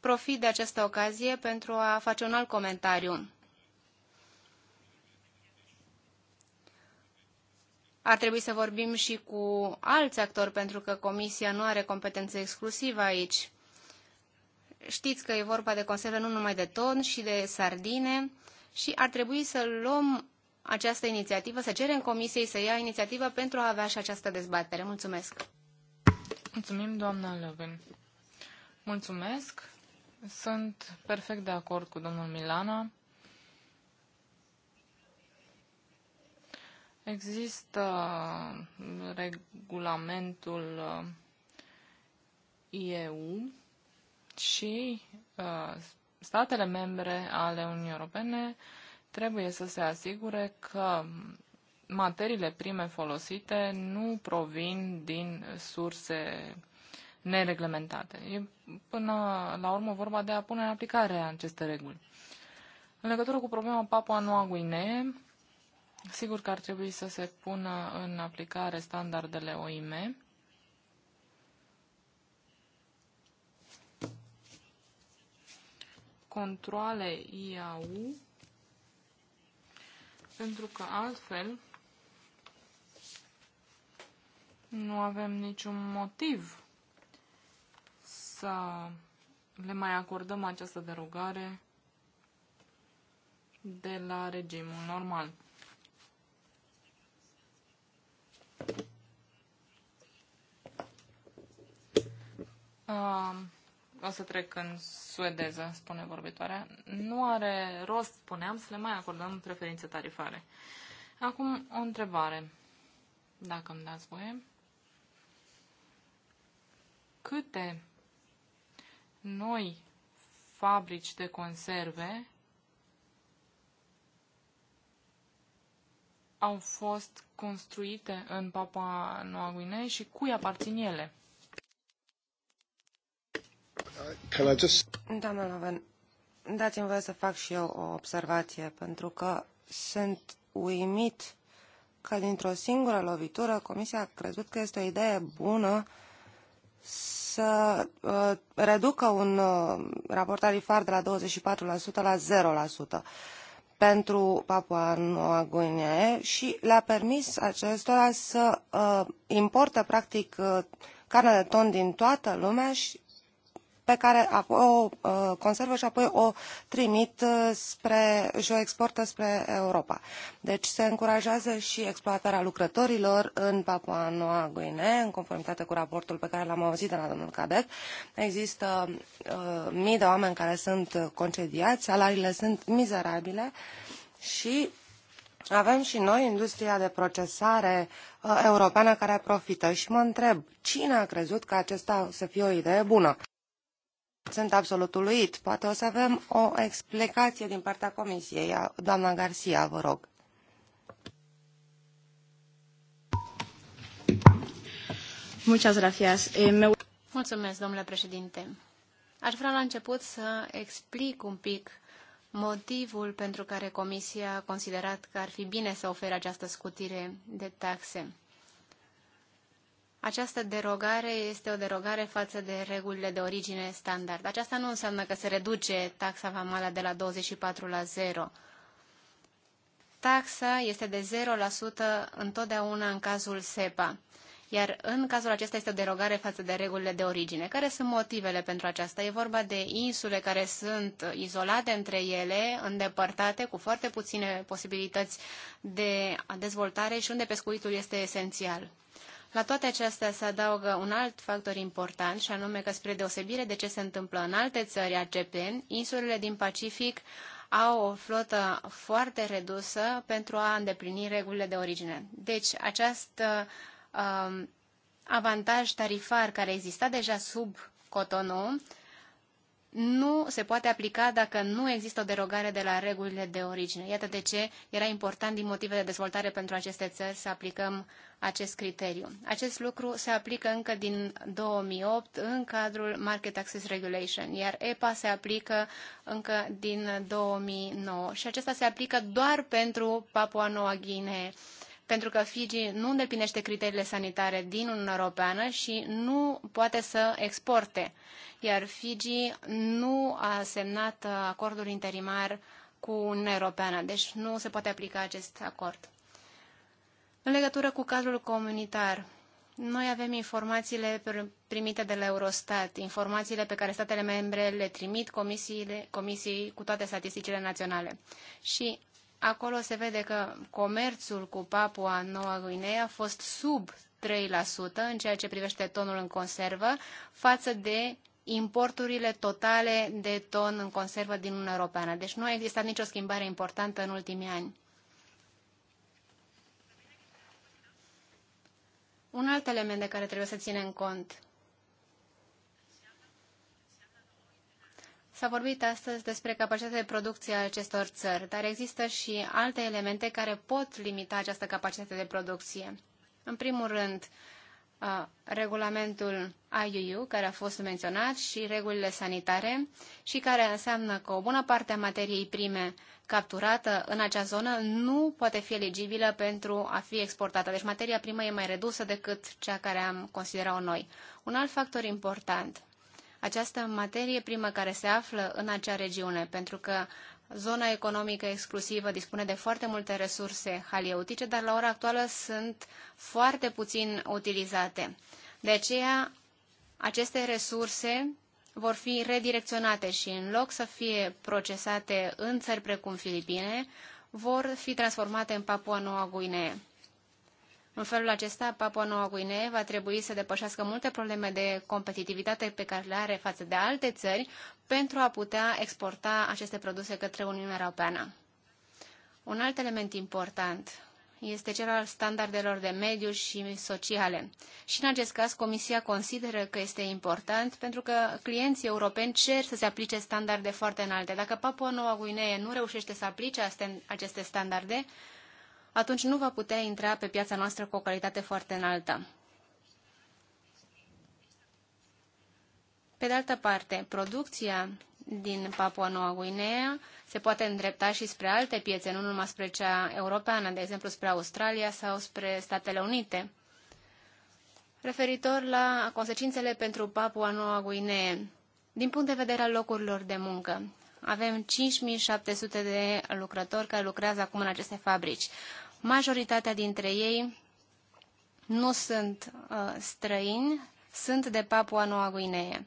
Speaker 3: profit de această ocazie pentru a face un alt comentariu. Ar trebui să vorbim și cu alți actori, pentru că Comisia nu are competențe exclusivă aici. Știți că e vorba de conserve nu numai de ton și de sardine și ar trebui să luăm această inițiativă, să cerem Comisiei să ia inițiativă
Speaker 1: pentru a avea și această
Speaker 3: dezbatere. Mulțumesc!
Speaker 1: Mulțumim, doamna Lăvin. Mulțumesc. Sunt perfect de acord cu domnul Milana. Există uh, regulamentul uh, EU și uh, statele membre ale Uniunii Europene trebuie să se asigure că materiile prime folosite nu provin din surse nereglementate. E până la urmă vorba de a pune în aplicare aceste reguli. În legătură cu problema Papua Noua Guinee, Sigur că ar trebui să se pună în aplicare standardele OIM. Controle IAU, pentru că altfel nu avem niciun motiv să le mai acordăm această derogare de la regimul normal. Uh, o să trec în suedeză, spune vorbitoarea. Nu are rost, spuneam, să le mai acordăm preferințe tarifare. Acum o întrebare, dacă îmi dați voie. Câte noi fabrici de conserve au fost construite în Papua Noua Guinee și cui aparțin ele?
Speaker 2: Uh, can I just... Doamna Loven, dați-mi voie să fac și eu o observație, pentru că sunt uimit că dintr-o singură lovitură Comisia a crezut că este o idee bună să uh, reducă un uh, raport tarifar de la 24% la 0% pentru Papua Noua Guinee și le-a permis acestora să uh, importe practic uh, carne de ton din toată lumea și pe care o uh, conservă și apoi o trimit uh, spre, și o exportă spre Europa. Deci se încurajează și exploatarea lucrătorilor în Papua Noua Guinee, în conformitate cu raportul pe care l-am auzit de la domnul Cadec. Există uh, mii de oameni care sunt concediați, salariile sunt mizerabile și avem și noi industria de procesare europeană care profită și mă întreb cine a crezut că acesta să fie o idee bună? Sunt absolut uluit. Poate o să avem o explicație din partea Comisiei. Doamna Garcia, vă rog. Eh,
Speaker 3: Mulțumesc, domnule președinte. Aș vrea la început să explic un pic motivul pentru care Comisia a considerat că ar fi bine să ofere această scutire de taxe. Această derogare este o derogare față de regulile de origine standard. Aceasta nu înseamnă că se reduce taxa vamală de la 24 la 0. Taxa este de 0% întotdeauna în cazul SEPA, iar în cazul acesta este o derogare față de regulile de origine. Care sunt motivele pentru aceasta? E vorba de insule care sunt izolate între ele, îndepărtate, cu foarte puține posibilități de dezvoltare și unde pescuitul este esențial. La toate acestea se adaugă un alt factor important și anume că spre deosebire de ce se întâmplă în alte țări ACP, insulele din Pacific au o flotă foarte redusă pentru a îndeplini regulile de origine. Deci, acest uh, avantaj tarifar care exista deja sub Cotonou nu se poate aplica dacă nu există o derogare de la regulile de origine. Iată de ce era important din motive de dezvoltare pentru aceste țări să aplicăm acest criteriu. Acest lucru se aplică încă din 2008 în cadrul Market Access Regulation, iar EPA se aplică încă din 2009 și acesta se aplică doar pentru Papua Noua Guinee pentru că Fiji nu îndeplinește criteriile sanitare din Uniunea Europeană și nu poate să exporte. Iar Fiji nu a semnat acordul interimar cu Uniunea Europeană, deci nu se poate aplica acest acord. În legătură cu cadrul comunitar, noi avem informațiile primite de la Eurostat, informațiile pe care statele membre le trimit comisiile, comisiei cu toate statisticile naționale. Și Acolo se vede că comerțul cu Papua Noua Guinea a fost sub 3% în ceea ce privește tonul în conservă față de importurile totale de ton în conservă din Uniunea Europeană. Deci nu a existat nicio schimbare importantă în ultimii ani. Un alt element de care trebuie să ținem cont. S-a vorbit astăzi despre capacitatea de producție a acestor țări, dar există și alte elemente care pot limita această capacitate de producție. În primul rând, regulamentul IUU, care a fost menționat, și regulile sanitare, și care înseamnă că o bună parte a materiei prime capturată în acea zonă nu poate fi eligibilă pentru a fi exportată. Deci materia primă e mai redusă decât cea care am considerat-o noi. Un alt factor important această materie primă care se află în acea regiune, pentru că zona economică exclusivă dispune de foarte multe resurse halieutice, dar la ora actuală sunt foarte puțin utilizate. De aceea, aceste resurse vor fi redirecționate și în loc să fie procesate în țări precum Filipine, vor fi transformate în Papua Noua Guinee. În felul acesta, Papua Noua Guinee va trebui să depășească multe probleme de competitivitate pe care le are față de alte țări pentru a putea exporta aceste produse către Uniunea Europeană. Un alt element important este cel al standardelor de mediu și sociale. Și în acest caz, Comisia consideră că este important pentru că clienții europeni cer să se aplice standarde foarte înalte. Dacă Papua Noua Guinee nu reușește să aplice aceste standarde, atunci nu va putea intra pe piața noastră cu o calitate foarte înaltă. Pe de altă parte, producția din Papua Noua Guinea se poate îndrepta și spre alte piețe, nu numai spre cea europeană, de exemplu spre Australia sau spre Statele Unite. Referitor la consecințele pentru Papua Noua Guinee, din punct de vedere al locurilor de muncă, avem 5700 de lucrători care lucrează acum în aceste fabrici. Majoritatea dintre ei nu sunt uh, străini, sunt de Papua Noua Guinee.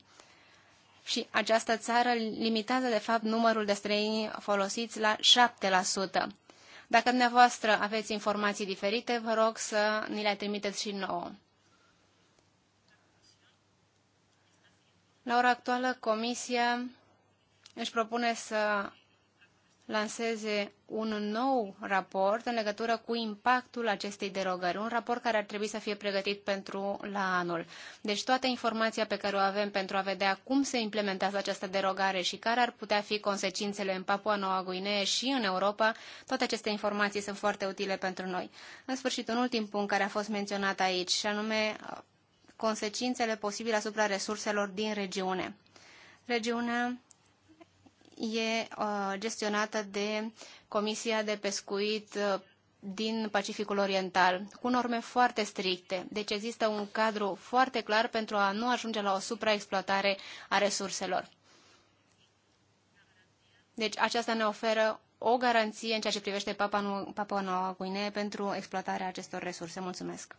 Speaker 3: Și această țară limitează, de fapt, numărul de străini folosiți la 7%. Dacă dumneavoastră aveți informații diferite, vă rog să ni le trimiteți și nouă. La ora actuală, Comisia își propune să lanseze un nou raport în legătură cu impactul acestei derogări, un raport care ar trebui să fie pregătit pentru la anul. Deci toată informația pe care o avem pentru a vedea cum se implementează această derogare și care ar putea fi consecințele în Papua Noua Guinee și în Europa, toate aceste informații sunt foarte utile pentru noi. În sfârșit, un ultim punct care a fost menționat aici, și anume consecințele posibile asupra resurselor din regiune. Regiunea e uh, gestionată de Comisia de Pescuit uh, din Pacificul Oriental, cu norme foarte stricte. Deci există un cadru foarte clar pentru a nu ajunge la o supraexploatare a resurselor. Deci aceasta ne oferă o garanție în ceea ce privește Papua, Noua Guinee pentru exploatarea acestor resurse. Mulțumesc.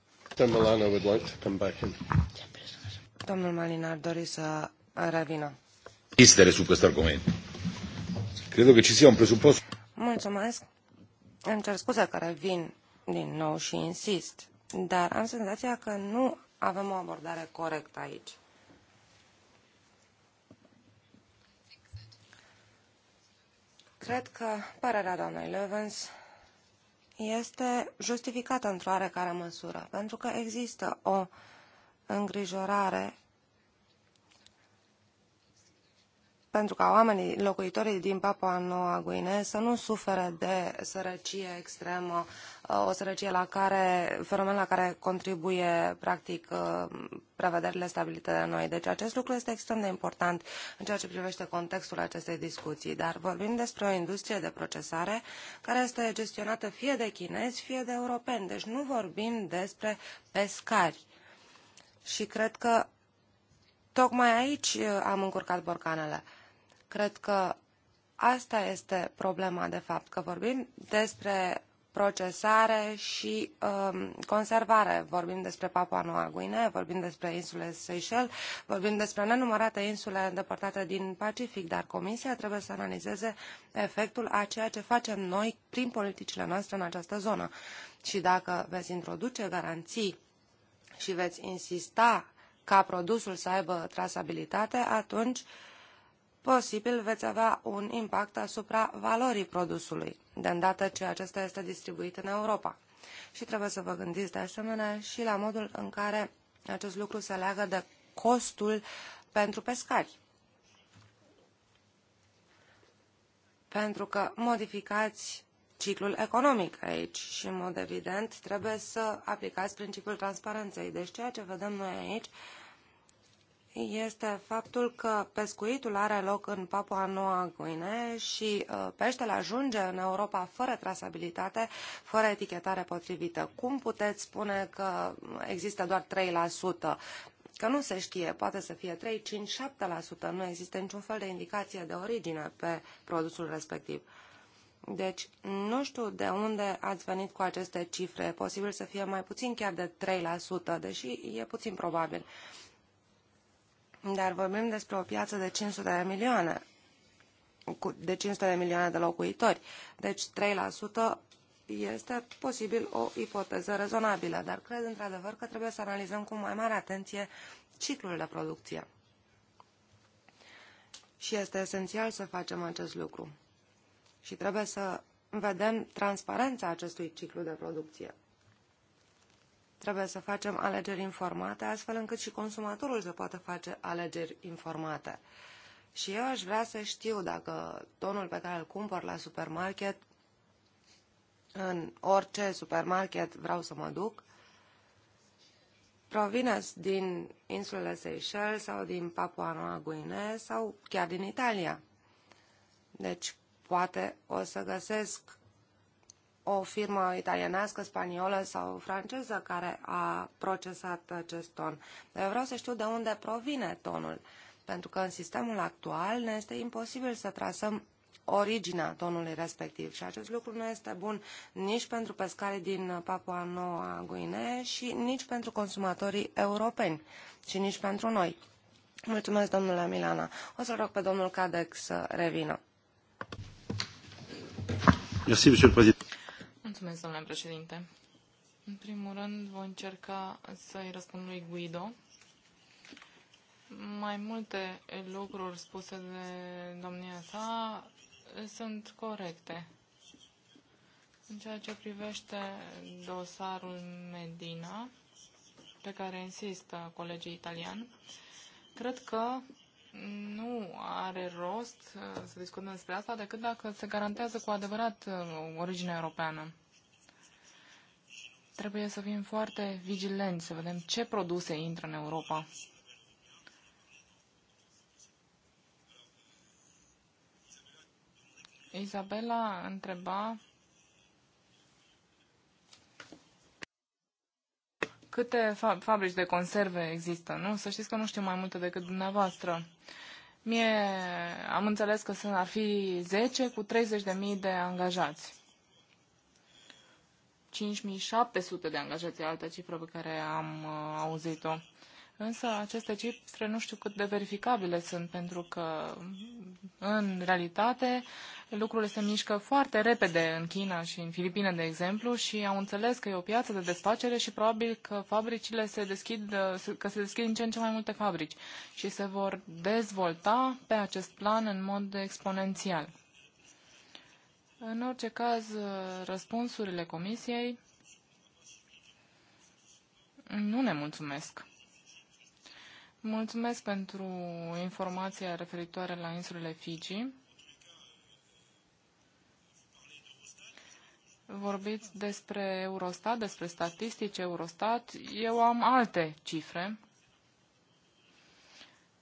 Speaker 2: Domnul Malina ar dori să revină.
Speaker 1: Este sub acest argomento. Cred că ci sia un presupposto.
Speaker 2: Mulțumesc. Îmi cer scuze că revin din nou și insist, dar am senzația că nu avem o abordare corectă aici. Cred că părerea doamnei Levens este justificată într-o oarecare măsură, pentru că există o îngrijorare pentru ca oamenii, locuitorii din Papua Noua Guinee să nu sufere de sărăcie extremă, uh, o sărăcie la care, fenomen la care contribuie practic uh, prevederile stabilite de noi. Deci acest lucru este extrem de important în ceea ce privește contextul acestei discuții, dar vorbim despre o industrie de procesare care este gestionată fie de chinezi, fie de europeni, deci nu vorbim despre pescari. Și cred că tocmai aici uh, am încurcat borcanele. Cred că asta este problema, de fapt, că vorbim despre procesare și um, conservare. Vorbim despre Papua Noua Guinee, vorbim despre insule Seychelles, vorbim despre nenumărate insule îndepărtate din Pacific, dar Comisia trebuie să analizeze efectul a ceea ce facem noi prin politicile noastre în această zonă. Și dacă veți introduce garanții și veți insista ca produsul să aibă trasabilitate, atunci uh, posibil veți avea un impact asupra valorii produsului, de îndată ce acesta este distribuit în Europa. Și trebuie să vă gândiți de asemenea și la modul în care acest lucru se leagă de costul pentru pescari. Pentru că modificați ciclul economic aici și, în mod evident, trebuie să aplicați principiul transparenței. Deci ceea ce vedem noi aici este faptul că pescuitul are loc în Papua Noua Guinee și uh, peștele ajunge în Europa fără trasabilitate, fără etichetare potrivită. Cum puteți spune că există doar 3%? Că nu se știe, poate să fie 3, 5, 7%, nu există niciun fel de indicație de origine pe produsul respectiv. Deci, nu știu de unde ați venit cu aceste cifre. E posibil să fie mai puțin chiar de 3%, deși e puțin probabil. Dar vorbim despre o piață de 500 de milioane, de 500 de milioane de locuitori. Deci 3% este posibil o ipoteză rezonabilă, dar cred într-adevăr că trebuie să analizăm cu mai mare atenție ciclul de producție. Și este esențial să facem acest lucru. Și trebuie să vedem transparența acestui ciclu de producție. Trebuie să facem alegeri informate, astfel încât și consumatorul să poată face alegeri informate. Și eu aș vrea să știu dacă tonul pe care îl cumpăr la supermarket, în orice supermarket vreau să mă duc, provine din insulele Seychelles sau din Papua Noua Guinee sau chiar din Italia. Deci, poate o să găsesc o firmă italianească, spaniolă sau franceză care a procesat acest ton. Dar vreau să știu de unde provine tonul, pentru că în sistemul actual ne este imposibil să trasăm originea tonului respectiv și acest lucru nu este bun nici pentru pescarii din Papua Noua Guinee și nici pentru consumatorii europeni și nici pentru noi. Mulțumesc, domnule Milana. O să rog pe domnul Cadec să revină. Merci, domnule
Speaker 1: Mulțumesc, domnule președinte.
Speaker 2: În primul rând, voi
Speaker 1: încerca să-i răspund lui Guido. Mai multe lucruri spuse de domnia sa sunt corecte. În ceea ce privește dosarul Medina, pe care insistă colegii italian, cred că nu are rost să discutăm despre asta decât dacă se garantează cu adevărat uh, originea europeană. Trebuie să fim foarte vigilenți, să vedem ce produse intră în Europa. Isabela întreba câte fabrici de conserve există, nu? Să știți că nu știu mai multe decât dumneavoastră. Mie am înțeles că sunt, ar fi 10 cu 30.000 de angajați. 5700 de angajați, altă cifră pe care am uh, auzit-o. Însă aceste cifre nu știu cât de verificabile sunt, pentru că în realitate lucrurile se mișcă foarte repede în China și în Filipine, de exemplu, și au înțeles că e o piață de desfacere și probabil că fabricile se deschid, uh, că se deschid în ce în ce mai multe fabrici și se vor dezvolta pe acest plan în mod exponențial. În orice caz, răspunsurile comisiei nu ne mulțumesc. Mulțumesc pentru informația referitoare la insulele Fiji. Vorbiți despre Eurostat, despre statistici Eurostat. Eu am alte cifre.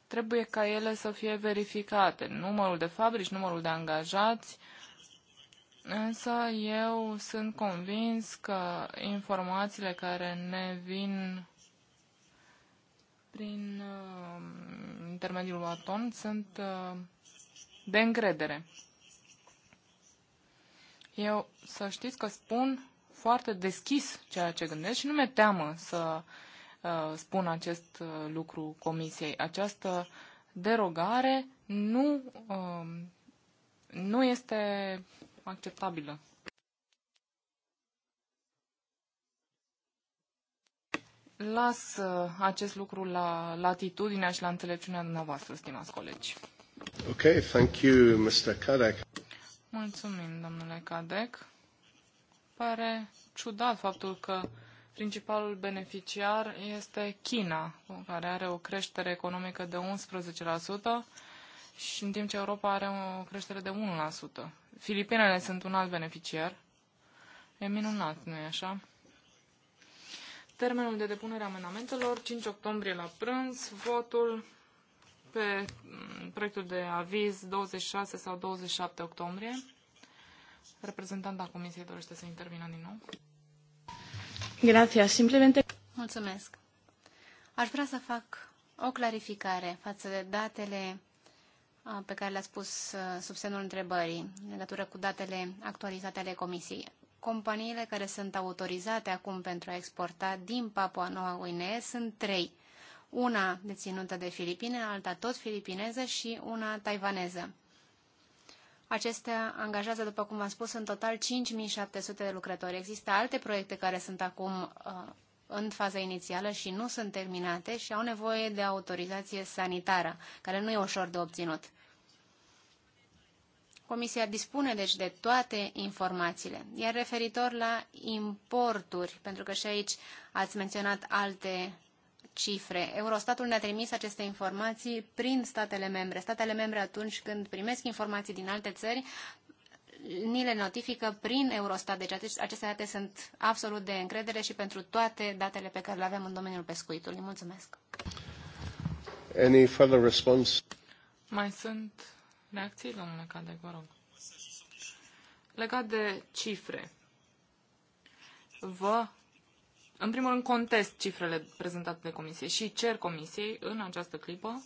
Speaker 1: Trebuie ca ele să fie verificate. Numărul de fabrici, numărul de angajați, uh, Însă eu sunt convins că informațiile care ne vin prin uh, intermediul Aton sunt uh, de încredere. Eu să știți că spun foarte deschis ceea ce gândesc și nu mi-e teamă să uh, spun acest uh, lucru comisiei. Această derogare nu, uh, nu este acceptabilă. Las uh, acest lucru la latitudinea și la înțelepciunea dumneavoastră, stimați colegi. Ok, thank you, Mr. Kadek. Mulțumim, domnule Cadec. Pare ciudat faptul că principalul beneficiar este China, care are o creștere economică de 11% și în timp ce Europa are o creștere de 1%. Filipinele sunt un alt beneficiar. E minunat, nu-i așa? Termenul de depunere a amendamentelor, 5 octombrie la prânz, votul pe mm, proiectul de aviz 26 sau 27 octombrie. Reprezentanta Comisiei dorește să intervină din nou. Gracias. Simplemente...
Speaker 3: Mulțumesc. Aș vrea să fac o clarificare față de datele pe care le-ați pus sub semnul întrebării în legătură cu datele actualizate ale Comisiei. Companiile care sunt autorizate acum pentru a exporta din Papua Noua Guinee sunt trei. Una deținută de Filipine, alta tot filipineză și una taiwaneză. Acestea angajează, după cum v-am spus, în total 5.700 de lucrători. Există alte proiecte care sunt acum uh, în faza inițială și nu sunt terminate și au nevoie de autorizație sanitară, care nu e ușor de obținut. Comisia dispune deci de toate informațiile. Iar referitor la importuri, pentru că și aici ați menționat alte cifre. Eurostatul ne-a trimis aceste informații prin statele membre. Statele membre atunci când primesc informații din alte țări ni le notifică prin Eurostat. Deci aceste date sunt absolut de încredere și pentru toate datele pe care le avem în
Speaker 1: domeniul pescuitului. Mulțumesc. Any further response? Mai sunt reacții, domnule Cadec, vă rog. Legat de cifre, vă, în primul rând, contest cifrele prezentate de comisie și cer comisiei în această clipă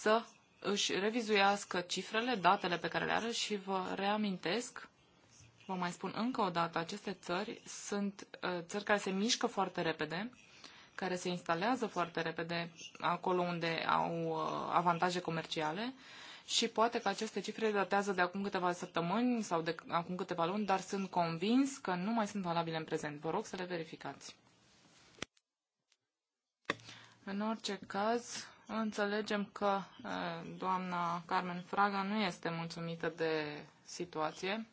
Speaker 1: să își revizuiască cifrele, datele pe care le are și vă reamintesc, vă mai spun încă o dată, aceste țări sunt uh, țări care se mișcă foarte repede, care se instalează foarte repede acolo unde au uh, avantaje comerciale și poate că aceste cifre datează de acum câteva săptămâni sau de acum câteva luni, dar sunt convins că nu mai sunt valabile în prezent. Vă rog să le verificați. În orice caz, Înțelegem că doamna Carmen Fraga nu este mulțumită de situație.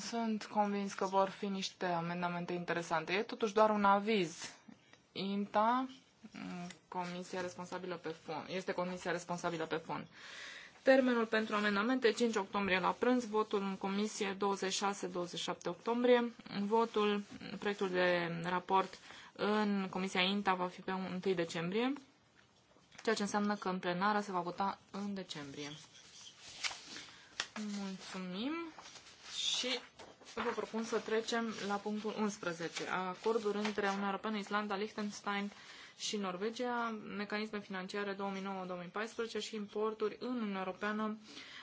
Speaker 1: Sunt convins că vor fi niște amendamente interesante. E totuși doar un aviz. INTA comisia responsabilă pe fond, este comisia responsabilă pe fond. Termenul pentru amendamente 5 octombrie la prânz, votul în comisie 26-27 octombrie, votul, proiectul de raport în Comisia INTA va fi pe 1 decembrie, ceea ce înseamnă că în plenară se va vota în decembrie. Mulțumim și vă propun să trecem la punctul 11. Acordul între Uniunea Europeană, Islanda, Liechtenstein și Norvegia, mecanisme financiare 2009-2014 și importuri în Uniunea Europeană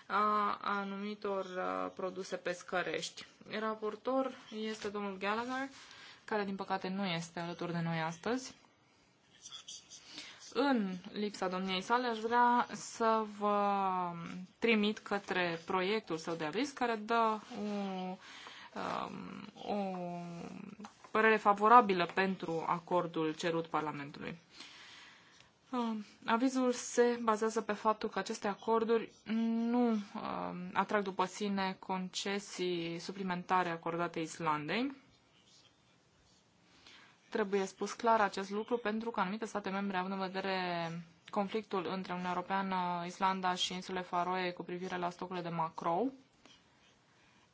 Speaker 1: a anumitor uh, produse pescărești. Raportor este domnul Gallagher care din păcate nu este alături de noi astăzi. În lipsa domniei sale, aș vrea să vă trimit către proiectul său de avis, care dă o, um, o părere favorabilă pentru acordul cerut Parlamentului. Um, avizul se bazează pe faptul că aceste acorduri nu um, atrag după sine concesii suplimentare acordate Islandei, Trebuie spus clar acest lucru pentru că anumite state membre, având în vedere conflictul între Uniunea Europeană, Islanda și insulele Faroe cu privire la stocurile de macrou,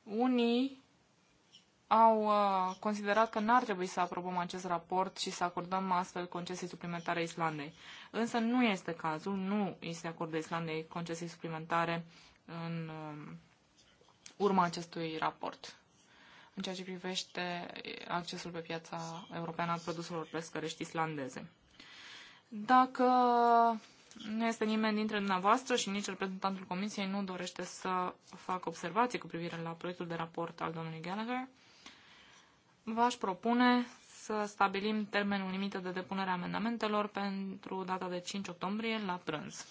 Speaker 1: unii au uh, considerat că n-ar trebui să aprobăm acest raport și să acordăm astfel concesii suplimentare Islandei. Însă nu este cazul, nu îi se acordă Islandei concesii suplimentare în um, urma acestui raport în ceea ce privește accesul pe piața europeană a produselor pescărești islandeze. Dacă nu este nimeni dintre dumneavoastră și nici reprezentantul Comisiei nu dorește să facă observații cu privire la proiectul de raport al domnului Gallagher, v-aș propune să stabilim termenul limită de depunere a amendamentelor pentru data de 5 octombrie la prânz.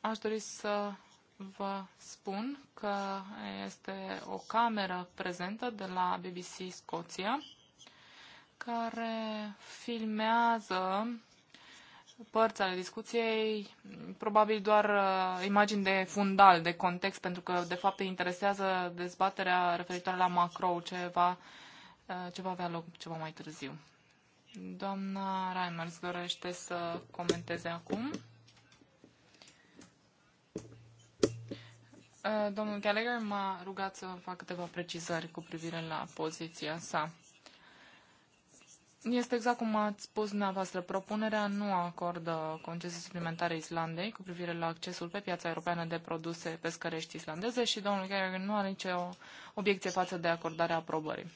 Speaker 1: Aș dori să vă spun că este o cameră prezentă de la BBC Scoția care filmează părți ale discuției, probabil doar uh, imagini de fundal, de context, pentru că de fapt îi interesează dezbaterea referitoare la macro, ce va, uh, ce va avea loc ceva mai târziu. Doamna Reimers dorește să comenteze acum. Eh, domnul Gallagher m-a rugat să fac câteva precizări cu privire la poziția sa. Este exact cum ați spus dumneavoastră, propunerea nu acordă concesii suplimentare Islandei cu privire la accesul pe piața europeană de produse pescărești islandeze și domnul Gallagher nu are nicio obiecție față de acordarea aprobării.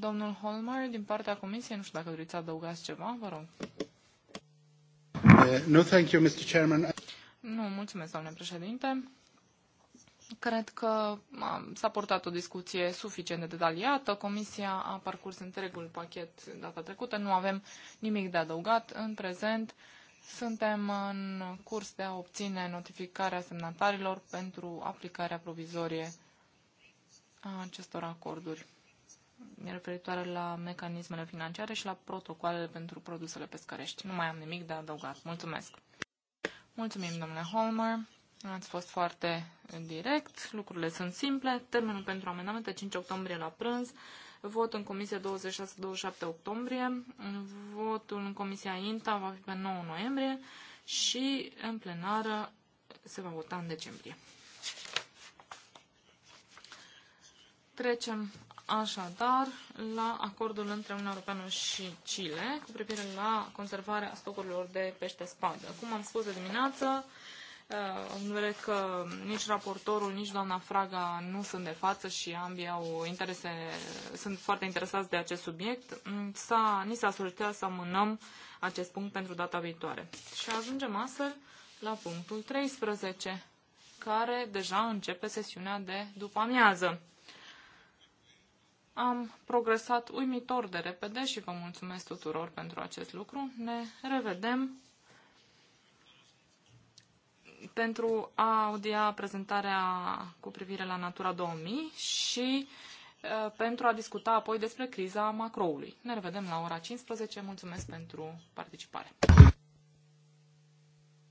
Speaker 1: Domnul Holmar, din partea Comisiei, nu știu dacă doriți să adăugați ceva, vă rog. Uh, no, thank you, Mr. Chairman. Nu, mulțumesc, domnule președinte. Cred că s-a portat o discuție suficient de detaliată. Comisia a parcurs întregul pachet data trecută. Nu avem nimic de adăugat în prezent. Suntem în curs de a obține notificarea semnatarilor pentru aplicarea provizorie a acestor acorduri referitoare la mecanismele financiare și la protocoalele pentru produsele pescărești. Nu mai am nimic de adăugat. Mulțumesc! Mulțumim, domnule Holmer! Ați fost foarte direct, lucrurile sunt simple. Termenul pentru amendamente 5 octombrie la prânz, vot în comisie 26-27 octombrie, votul în comisia INTA va fi pe 9 noiembrie și în plenară se va vota în decembrie. Trecem așadar la acordul între Uniunea Europeană și Chile cu privire la conservarea stocurilor de pește spadă. Cum am spus de dimineață, vedere uh, că nici raportorul, nici doamna Fraga nu sunt de față și ambii au interese, sunt foarte interesați de acest subiect, mm, s-a, ni s-a solicitat să amânăm acest punct pentru data viitoare. Și ajungem astfel la punctul 13, care deja începe sesiunea de după amiază. Am progresat uimitor de repede și vă mulțumesc tuturor pentru acest lucru. Ne revedem pentru a audia prezentarea cu privire la Natura 2000 și uh, pentru a discuta apoi despre criza macroului. Ne revedem la ora 15. Mulțumesc pentru participare.